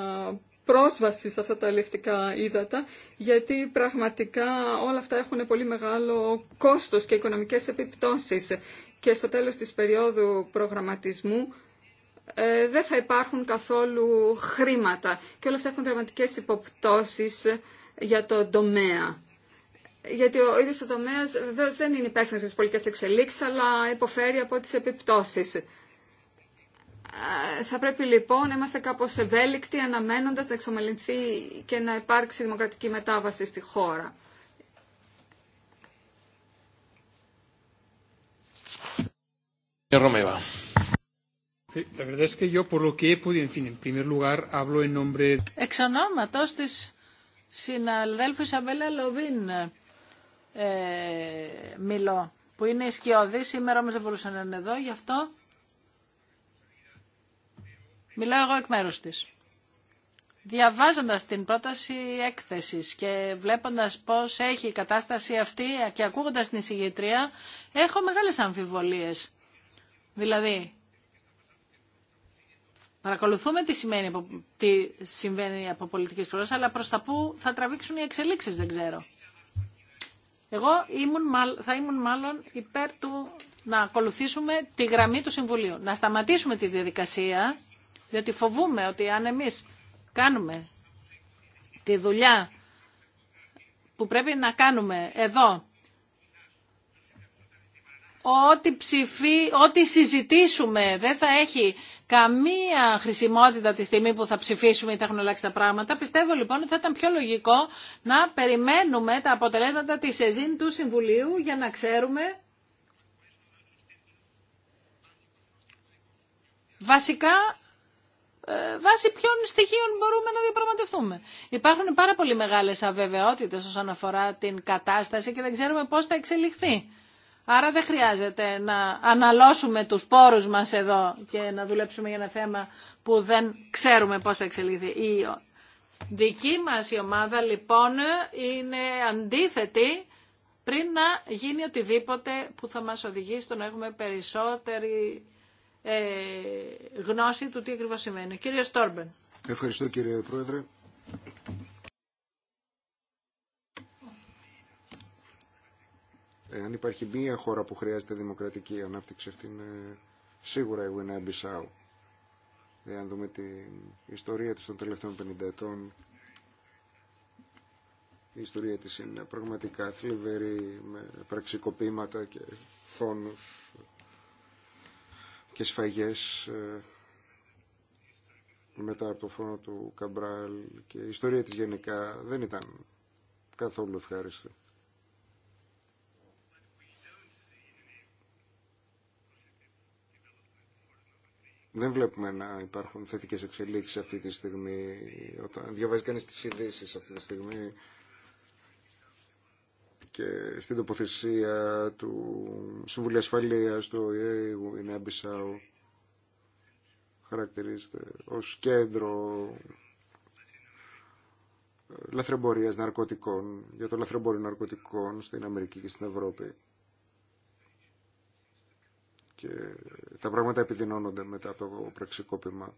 πρόσβαση σε αυτά τα ελευτικά ύδατα, γιατί πραγματικά όλα αυτά έχουν πολύ μεγάλο κόστος και οικονομικές επιπτώσεις. Και στο τέλος της περίοδου προγραμματισμού ε, δεν θα υπάρχουν καθόλου χρήματα. Και όλα αυτά έχουν δραματικές υποπτώσεις για το τομέα. Γιατί ο ίδιος ο τομέας βεβαίως δεν είναι υπεύθυνος στις πολιτικές εξελίξεις, αλλά υποφέρει από τις επιπτώσεις. Ε, θα πρέπει λοιπόν να είμαστε κάπως ευέλικτοι αναμένοντας να εξομεληθεί και να υπάρξει δημοκρατική μετάβαση στη χώρα. Εξ ονόματος της συναδέλφου Σαββέλα Λοβίν ε, μιλώ, που είναι σκιώδη. Σήμερα όμως δεν μπορούσε να είναι εδώ, γι' αυτό Μιλάω εγώ εκ μέρους της. Διαβάζοντας την πρόταση έκθεσης και βλέποντας πώς έχει η κατάσταση αυτή και ακούγοντας την εισηγητρία, έχω μεγάλες αμφιβολίες. Δηλαδή, παρακολουθούμε τι, συμβαίνει από πολιτικής πρόταση, αλλά προς τα πού θα τραβήξουν οι εξελίξεις δεν ξέρω. Εγώ θα ήμουν μάλλον υπέρ του να ακολουθήσουμε τη γραμμή του Συμβουλίου, να σταματήσουμε τη διαδικασία διότι φοβούμε ότι αν εμείς κάνουμε τη δουλειά που πρέπει να κάνουμε εδώ, ό,τι ψηφί, ό,τι συζητήσουμε δεν θα έχει καμία χρησιμότητα τη στιγμή που θα ψηφίσουμε ή θα έχουν αλλάξει τα πράγματα. Πιστεύω λοιπόν ότι θα ήταν πιο λογικό να περιμένουμε τα αποτελέσματα της ΕΖΗΝ του Συμβουλίου για να ξέρουμε βασικά ε, βάσει ποιων στοιχείων μπορούμε να διαπραγματευτούμε. Υπάρχουν πάρα πολύ μεγάλες αβεβαιότητες όσον αφορά την κατάσταση και δεν ξέρουμε πώς θα εξελιχθεί. Άρα δεν χρειάζεται να αναλώσουμε τους πόρους μας εδώ και να δουλέψουμε για ένα θέμα που δεν ξέρουμε πώς θα εξελιχθεί. Η δική μας η ομάδα λοιπόν είναι αντίθετη πριν να γίνει οτιδήποτε που θα μας οδηγήσει στο να έχουμε περισσότερη ε, γνώση του τι ακριβώς σημαίνει. Κύριε Στόρμπεν. Ευχαριστώ κύριε Πρόεδρε. Ε, αν υπάρχει μία χώρα που χρειάζεται δημοκρατική ανάπτυξη, αυτή είναι σίγουρα η Γουινέα Μπισάου. Εάν δούμε την ιστορία της των τελευταίων 50 ετών, η ιστορία της είναι πραγματικά θλιβερή με πραξικοπήματα και φόνους και σφαγές ε, μετά από το φόνο του Καμπράλ και η ιστορία της γενικά δεν ήταν καθόλου ευχάριστη. Δεν βλέπουμε να υπάρχουν θετικές εξελίξεις αυτή τη στιγμή. Όταν διαβάζει κανείς τις ειδήσει αυτή τη στιγμή, και στην τοποθεσία του Συμβουλίου Ασφαλείας του ΟΗΕ Νέα Μπισάου χαρακτηρίζεται ως κέντρο λαθρεμπορίας ναρκωτικών, για το λαθρεμπόριο ναρκωτικών στην Αμερική και στην Ευρώπη. Και τα πράγματα επιδεινώνονται μετά από το πραξικόπημα.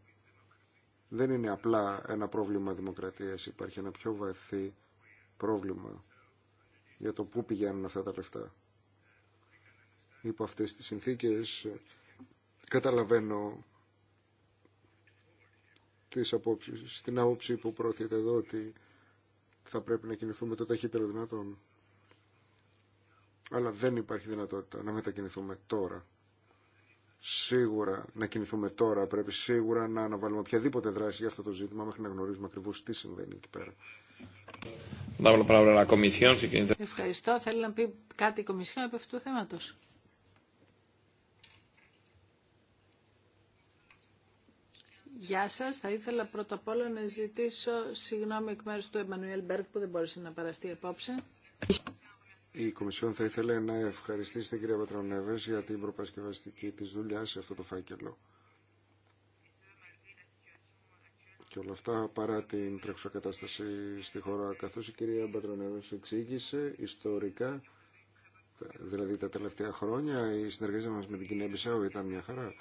Δεν είναι απλά ένα πρόβλημα δημοκρατίας, υπάρχει ένα πιο βαθύ πρόβλημα για το πού πηγαίνουν αυτά τα λεφτά. Υπό αυτές τις συνθήκες καταλαβαίνω τις απόψεις, την άποψη που προωθείται εδώ ότι θα πρέπει να κινηθούμε το ταχύτερο δυνατόν. Αλλά δεν υπάρχει δυνατότητα να μετακινηθούμε τώρα. Σίγουρα να κινηθούμε τώρα. Πρέπει σίγουρα να αναβάλουμε οποιαδήποτε δράση για αυτό το ζήτημα μέχρι να γνωρίζουμε ακριβώς τι συμβαίνει εκεί πέρα. Ευχαριστώ. Θέλει να πει κάτι η Κομισιόν από αυτού του θέματος. Γεια σας. Θα ήθελα πρώτα απ' όλα να ζητήσω συγγνώμη εκ μέρους του Εμμανουέλ Μπέρκ που δεν μπόρεσε να παραστεί απόψε. Η Κομισιόν θα ήθελε να ευχαριστήσει την κυρία Πατρονέβες για την προπασκευαστική της δουλειά σε αυτό το φάκελο. και όλα αυτά παρά την τρέχουσα κατάσταση στη χώρα. Καθώς η κυρία Μπατρονέου εξήγησε ιστορικά, δηλαδή τα τελευταία χρόνια, η συνεργασία μας με την Κινέα ήταν μια χαρά.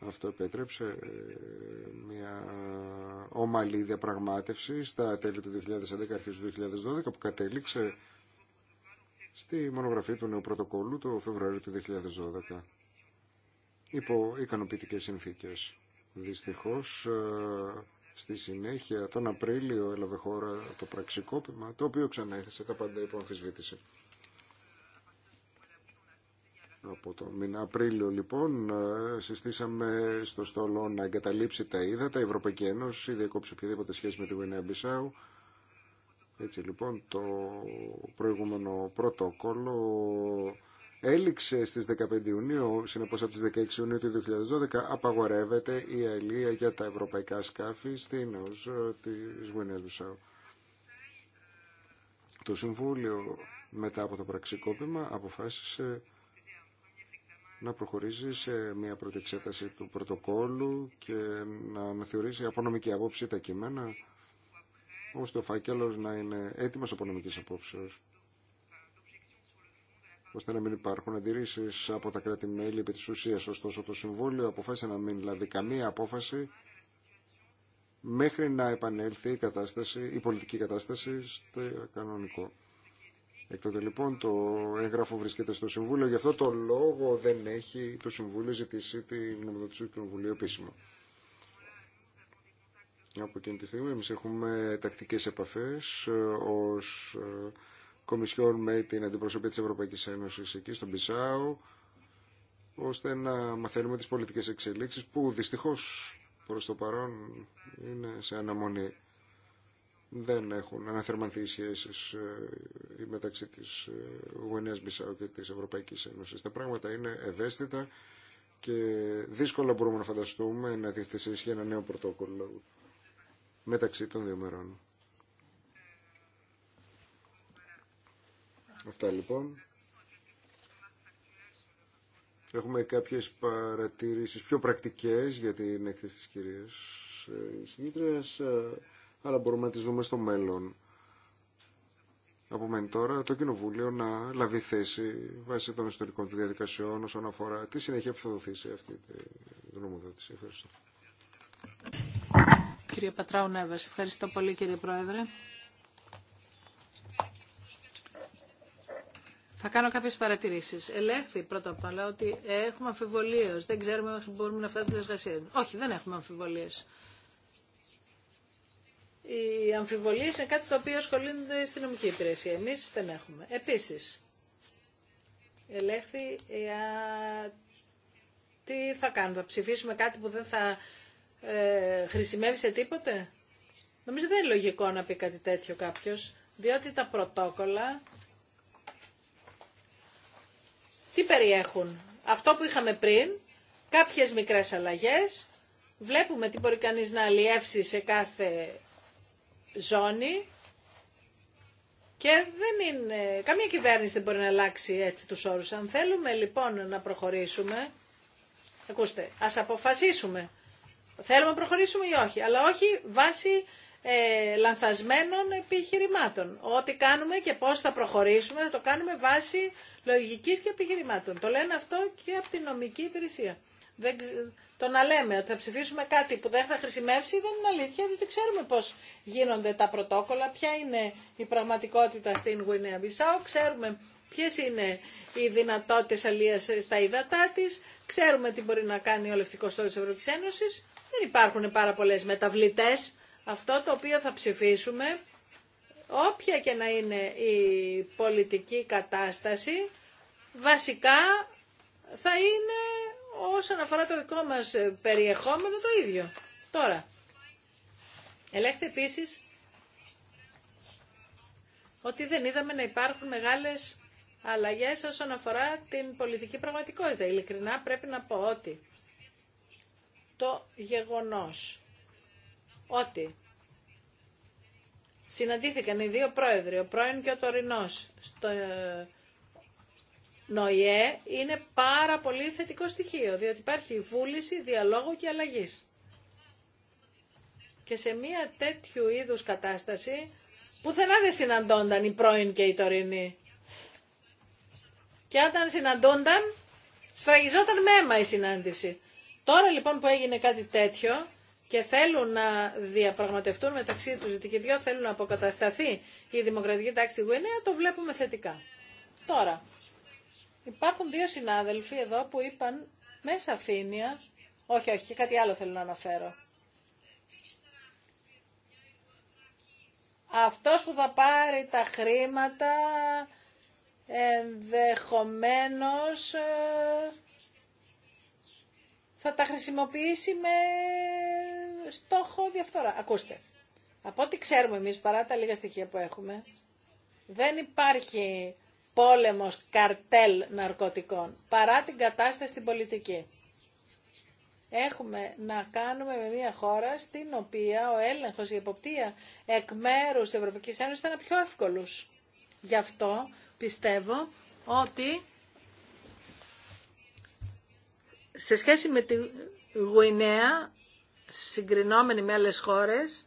Αυτό επέτρεψε ε, μια ομαλή διαπραγμάτευση στα τέλη του 2011 αρχές του 2012 που κατέληξε στη μονογραφή του νέου πρωτοκόλλου το Φεβρουάριο του 2012 υπό ικανοποιητικές συνθήκες. Δυστυχώς ε, στη συνέχεια τον Απρίλιο έλαβε χώρα το πραξικόπημα το οποίο ξανέθεσε τα πάντα υπό αμφισβήτηση. Από τον Απρίλιο λοιπόν ε, συστήσαμε στο στόλο να εγκαταλείψει τα ύδατα. Η Ευρωπαϊκή Ένωση διακόψει οποιαδήποτε σχέση με τη Γουινέα Μπισάου. Έτσι λοιπόν το προηγούμενο πρωτόκολλο έληξε στι 15 Ιουνίου, συνεπώς από τι 16 Ιουνίου του 2012, απαγορεύεται η αλία για τα ευρωπαϊκά σκάφη στην ΟΣ ε, τη γουινεα Το Συμβούλιο μετά από το πραξικόπημα αποφάσισε να προχωρήσει σε μια πρώτη εξέταση του πρωτοκόλλου και να αναθεωρήσει από νομική απόψη τα κείμενα ώστε ο φάκελος να είναι έτοιμος από νομικής απόψεως ώστε να μην υπάρχουν αντιρρήσει από τα κράτη-μέλη επί τη ουσία. Ωστόσο, το Συμβούλιο αποφάσισε να μην λάβει καμία απόφαση μέχρι να επανέλθει η, κατάσταση, η πολιτική κατάσταση στο κανονικό. Εκτότε λοιπόν το έγγραφο βρίσκεται στο Συμβούλιο, γι' αυτό το λόγο δεν έχει το Συμβούλιο ζητήσει τη γνωμοδότηση του Κοινοβουλίου επίσημα. Από εκείνη τη στιγμή εμείς έχουμε τακτικές επαφές ε, ως ε, Κομισιόν με την αντιπροσωπή της Ευρωπαϊκής Ένωσης εκεί στον Πισάου ώστε να μαθαίνουμε τις πολιτικές εξελίξεις που δυστυχώς προς το παρόν είναι σε αναμονή. Δεν έχουν αναθερμανθεί οι σχέσεις ε, μεταξύ της ε, γωνίας Μπισάου και της Ευρωπαϊκής Ένωσης. Τα πράγματα είναι ευαίσθητα και δύσκολα μπορούμε να φανταστούμε να σε ένα νέο πρωτόκολλο μεταξύ των δύο μερών. Αυτά λοιπόν. Έχουμε κάποιες παρατηρήσεις πιο πρακτικές για την έκθεση της κυρίας ε, ε, αλλά μπορούμε να τις δούμε στο μέλλον. Απομένει τώρα το Κοινοβούλιο να λαβεί θέση βάσει των ιστορικών του διαδικασιών όσον αφορά τη συνέχεια που θα δοθεί σε αυτή τη γνωμοδότηση. Ευχαριστώ. Κύριε Πατράου Νέβες, ευχαριστώ πολύ κύριε Πρόεδρε. Θα κάνω κάποιε παρατηρήσει. Ελέγχθη πρώτα απ' όλα ότι έχουμε αμφιβολίε. Δεν ξέρουμε αν μπορούμε να φτάσουμε τη εργασίε. Όχι, δεν έχουμε αμφιβολίε. Οι αμφιβολίε είναι κάτι το οποίο ασχολούνται η νομική υπηρεσία. Εμεί δεν έχουμε. Επίση, ελέγχθη τι θα κάνουμε. Θα ψηφίσουμε κάτι που δεν θα ε, χρησιμεύει σε τίποτε. Νομίζω δεν είναι λογικό να πει κάτι τέτοιο κάποιο, διότι τα πρωτόκολλα τι περιέχουν. Αυτό που είχαμε πριν, κάποιες μικρές αλλαγές, βλέπουμε τι μπορεί κανείς να αλλιεύσει σε κάθε ζώνη και δεν είναι, καμία κυβέρνηση δεν μπορεί να αλλάξει έτσι τους όρους. Αν θέλουμε λοιπόν να προχωρήσουμε, ακούστε, ας αποφασίσουμε. Θέλουμε να προχωρήσουμε ή όχι, αλλά όχι βάσει ε, λανθασμένων επιχειρημάτων. Ό,τι κάνουμε και πώς θα προχωρήσουμε θα το κάνουμε βάσει λογικής και επιχειρημάτων. Το λένε αυτό και από την νομική υπηρεσία. Δεν, το να λέμε ότι θα ψηφίσουμε κάτι που δεν θα χρησιμεύσει δεν είναι αλήθεια, δεν ξέρουμε πώς γίνονται τα πρωτόκολλα, ποια είναι η πραγματικότητα στην Γουινέα Βισάου, ξέρουμε ποιες είναι οι δυνατότητες αλίας στα ύδατά της, ξέρουμε τι μπορεί να κάνει ο Λευτικός Στόλος της δεν υπάρχουν πάρα πολλές μεταβλητές αυτό το οποίο θα ψηφίσουμε, όποια και να είναι η πολιτική κατάσταση, βασικά θα είναι όσον αφορά το δικό μας περιεχόμενο το ίδιο. Τώρα, ελέγχθη επίσης ότι δεν είδαμε να υπάρχουν μεγάλες αλλαγές όσον αφορά την πολιτική πραγματικότητα. Ειλικρινά πρέπει να πω ότι το γεγονός ότι συναντήθηκαν οι δύο πρόεδροι, ο πρώην και ο τωρινός, στο ε, ΝΟΙΕ, είναι πάρα πολύ θετικό στοιχείο, διότι υπάρχει βούληση, διαλόγου και αλλαγής. Και σε μία τέτοιου είδους κατάσταση, πουθενά δεν συναντώνταν οι πρώην και οι τωρινοί. Και όταν συναντώνταν, σφραγιζόταν με αίμα η συνάντηση. Τώρα λοιπόν που έγινε κάτι τέτοιο, και θέλουν να διαπραγματευτούν μεταξύ τους ότι και δυο θέλουν να αποκατασταθεί η δημοκρατική τάξη του Γουινέα, το βλέπουμε θετικά. Τώρα, υπάρχουν δύο συνάδελφοι εδώ που είπαν μέσα σαφήνεια, όχι, όχι, και κάτι άλλο θέλω να αναφέρω. Αυτός που θα πάρει τα χρήματα ενδεχομένως ε, θα τα χρησιμοποιήσει με στόχο διαφθορά. Ακούστε, από ό,τι ξέρουμε εμείς, παρά τα λίγα στοιχεία που έχουμε, δεν υπάρχει πόλεμος καρτέλ ναρκωτικών, παρά την κατάσταση στην πολιτική. Έχουμε να κάνουμε με μια χώρα στην οποία ο έλεγχος, η εποπτεία εκ μέρους της Ευρωπαϊκής Ένωσης ήταν πιο εύκολους. Γι' αυτό πιστεύω ότι σε σχέση με τη Γουινέα, συγκρινόμενη με άλλες χώρες,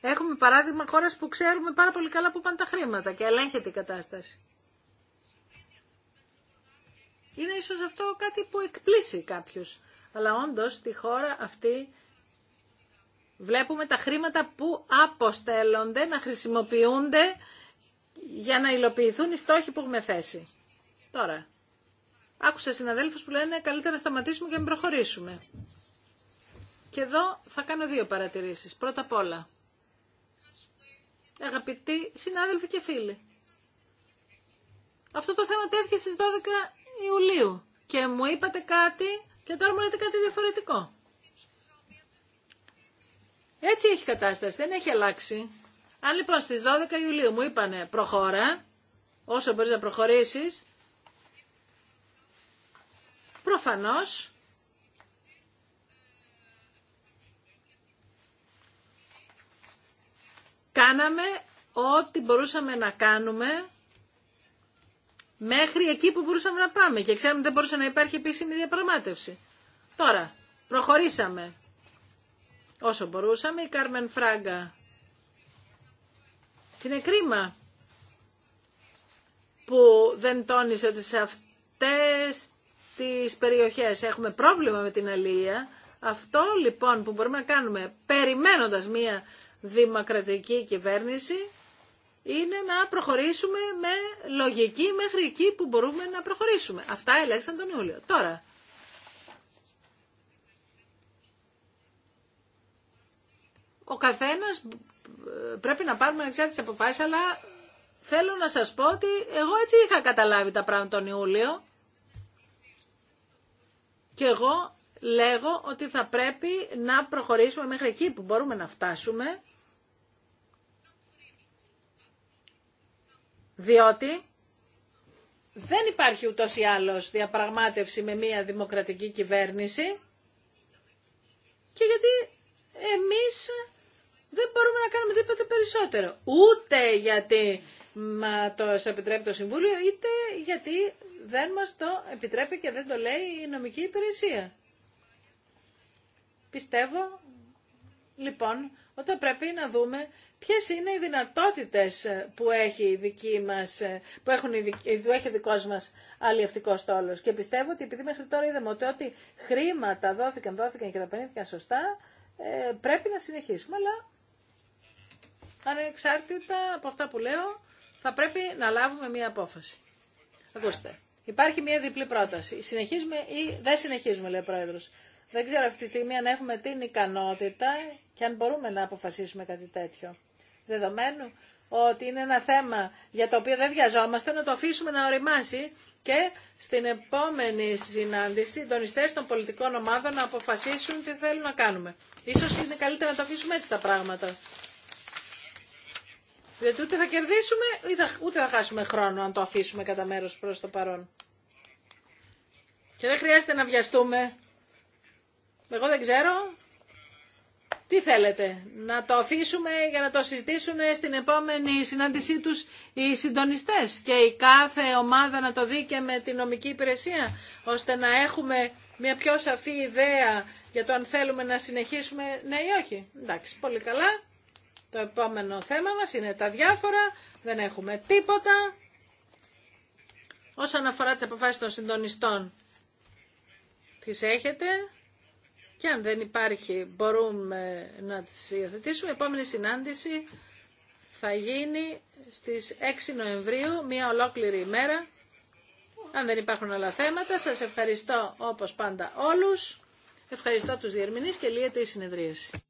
έχουμε παράδειγμα χώρες που ξέρουμε πάρα πολύ καλά που πάνε τα χρήματα και ελέγχεται η κατάσταση. Είναι ίσως αυτό κάτι που εκπλήσει κάποιους. Αλλά όντως στη χώρα αυτή βλέπουμε τα χρήματα που αποστέλλονται να χρησιμοποιούνται για να υλοποιηθούν οι στόχοι που έχουμε θέσει. Τώρα, Άκουσα συναδέλφους που λένε καλύτερα σταματήσουμε και μην προχωρήσουμε. Και εδώ θα κάνω δύο παρατηρήσεις. Πρώτα απ' όλα, αγαπητοί συνάδελφοι και φίλοι, αυτό το θέμα τέθηκε στις 12 Ιουλίου και μου είπατε κάτι και τώρα μου λέτε κάτι διαφορετικό. Έτσι έχει κατάσταση, δεν έχει αλλάξει. Αν λοιπόν στις 12 Ιουλίου μου είπανε προχώρα, όσο μπορείς να προχωρήσεις, προφανώς κάναμε ό,τι μπορούσαμε να κάνουμε μέχρι εκεί που μπορούσαμε να πάμε. Και ξέρουμε ότι δεν μπορούσε να υπάρχει επίσημη διαπραγμάτευση. Τώρα, προχωρήσαμε όσο μπορούσαμε. Η Κάρμεν Φράγκα. είναι κρίμα που δεν τόνισε ότι σε αυτές τις περιοχές. Έχουμε πρόβλημα με την αλληλεία. Αυτό λοιπόν που μπορούμε να κάνουμε περιμένοντας μία δημοκρατική κυβέρνηση είναι να προχωρήσουμε με λογική μέχρι εκεί που μπορούμε να προχωρήσουμε. Αυτά ελέγξαν τον Ιούλιο. Τώρα, ο καθένας πρέπει να πάρουμε τι αποφάσεις, αλλά θέλω να σας πω ότι εγώ έτσι είχα καταλάβει τα πράγματα τον Ιούλιο και εγώ λέγω ότι θα πρέπει να προχωρήσουμε μέχρι εκεί που μπορούμε να φτάσουμε, διότι δεν υπάρχει ούτως ή άλλως διαπραγμάτευση με μια δημοκρατική κυβέρνηση και γιατί εμείς δεν μπορούμε να κάνουμε τίποτα περισσότερο. Ούτε γιατί μα το επιτρέπει το Συμβούλιο, είτε γιατί δεν μας το επιτρέπει και δεν το λέει η νομική υπηρεσία. Πιστεύω, λοιπόν, ότι πρέπει να δούμε ποιες είναι οι δυνατότητες που έχει, η δική μας, που έχουν, που έχει δικός μας αλλιευτικός στόλος. Και πιστεύω ότι επειδή μέχρι τώρα είδαμε ότι χρήματα δόθηκαν, δόθηκαν και σωστά, ε, πρέπει να συνεχίσουμε. Αλλά ανεξάρτητα από αυτά που λέω, θα πρέπει να λάβουμε μία απόφαση. Ακούστε. Υπάρχει μια διπλή πρόταση. Συνεχίζουμε ή δεν συνεχίζουμε, λέει ο Πρόεδρος. Δεν ξέρω αυτή τη στιγμή αν έχουμε την ικανότητα και αν μπορούμε να αποφασίσουμε κάτι τέτοιο. Δεδομένου ότι είναι ένα θέμα για το οποίο δεν βιαζόμαστε, να το αφήσουμε να οριμάσει και στην επόμενη συνάντηση οι των πολιτικών ομάδων να αποφασίσουν τι θέλουν να κάνουμε. Ίσως είναι καλύτερα να το αφήσουμε έτσι τα πράγματα. Διότι ε, ούτε θα κερδίσουμε, ούτε θα χάσουμε χρόνο αν το αφήσουμε κατά μέρο προς το παρόν. Και δεν χρειάζεται να βιαστούμε. Εγώ δεν ξέρω. Τι θέλετε, να το αφήσουμε για να το συζητήσουν στην επόμενη συνάντησή τους οι συντονιστές και η κάθε ομάδα να το δει και με την νομική υπηρεσία, ώστε να έχουμε μια πιο σαφή ιδέα για το αν θέλουμε να συνεχίσουμε, ναι ή όχι. Εντάξει, πολύ καλά. Το επόμενο θέμα μας είναι τα διάφορα, δεν έχουμε τίποτα. Όσον αφορά τις αποφάσεις των συντονιστών, τις έχετε. Και αν δεν υπάρχει, μπορούμε να τις υιοθετήσουμε. Η επόμενη συνάντηση θα γίνει στις 6 Νοεμβρίου, μια ολόκληρη ημέρα. Αν δεν υπάρχουν άλλα θέματα, σας ευχαριστώ όπως πάντα όλους. Ευχαριστώ τους διερμηνείς και λύεται η συνεδρίαση.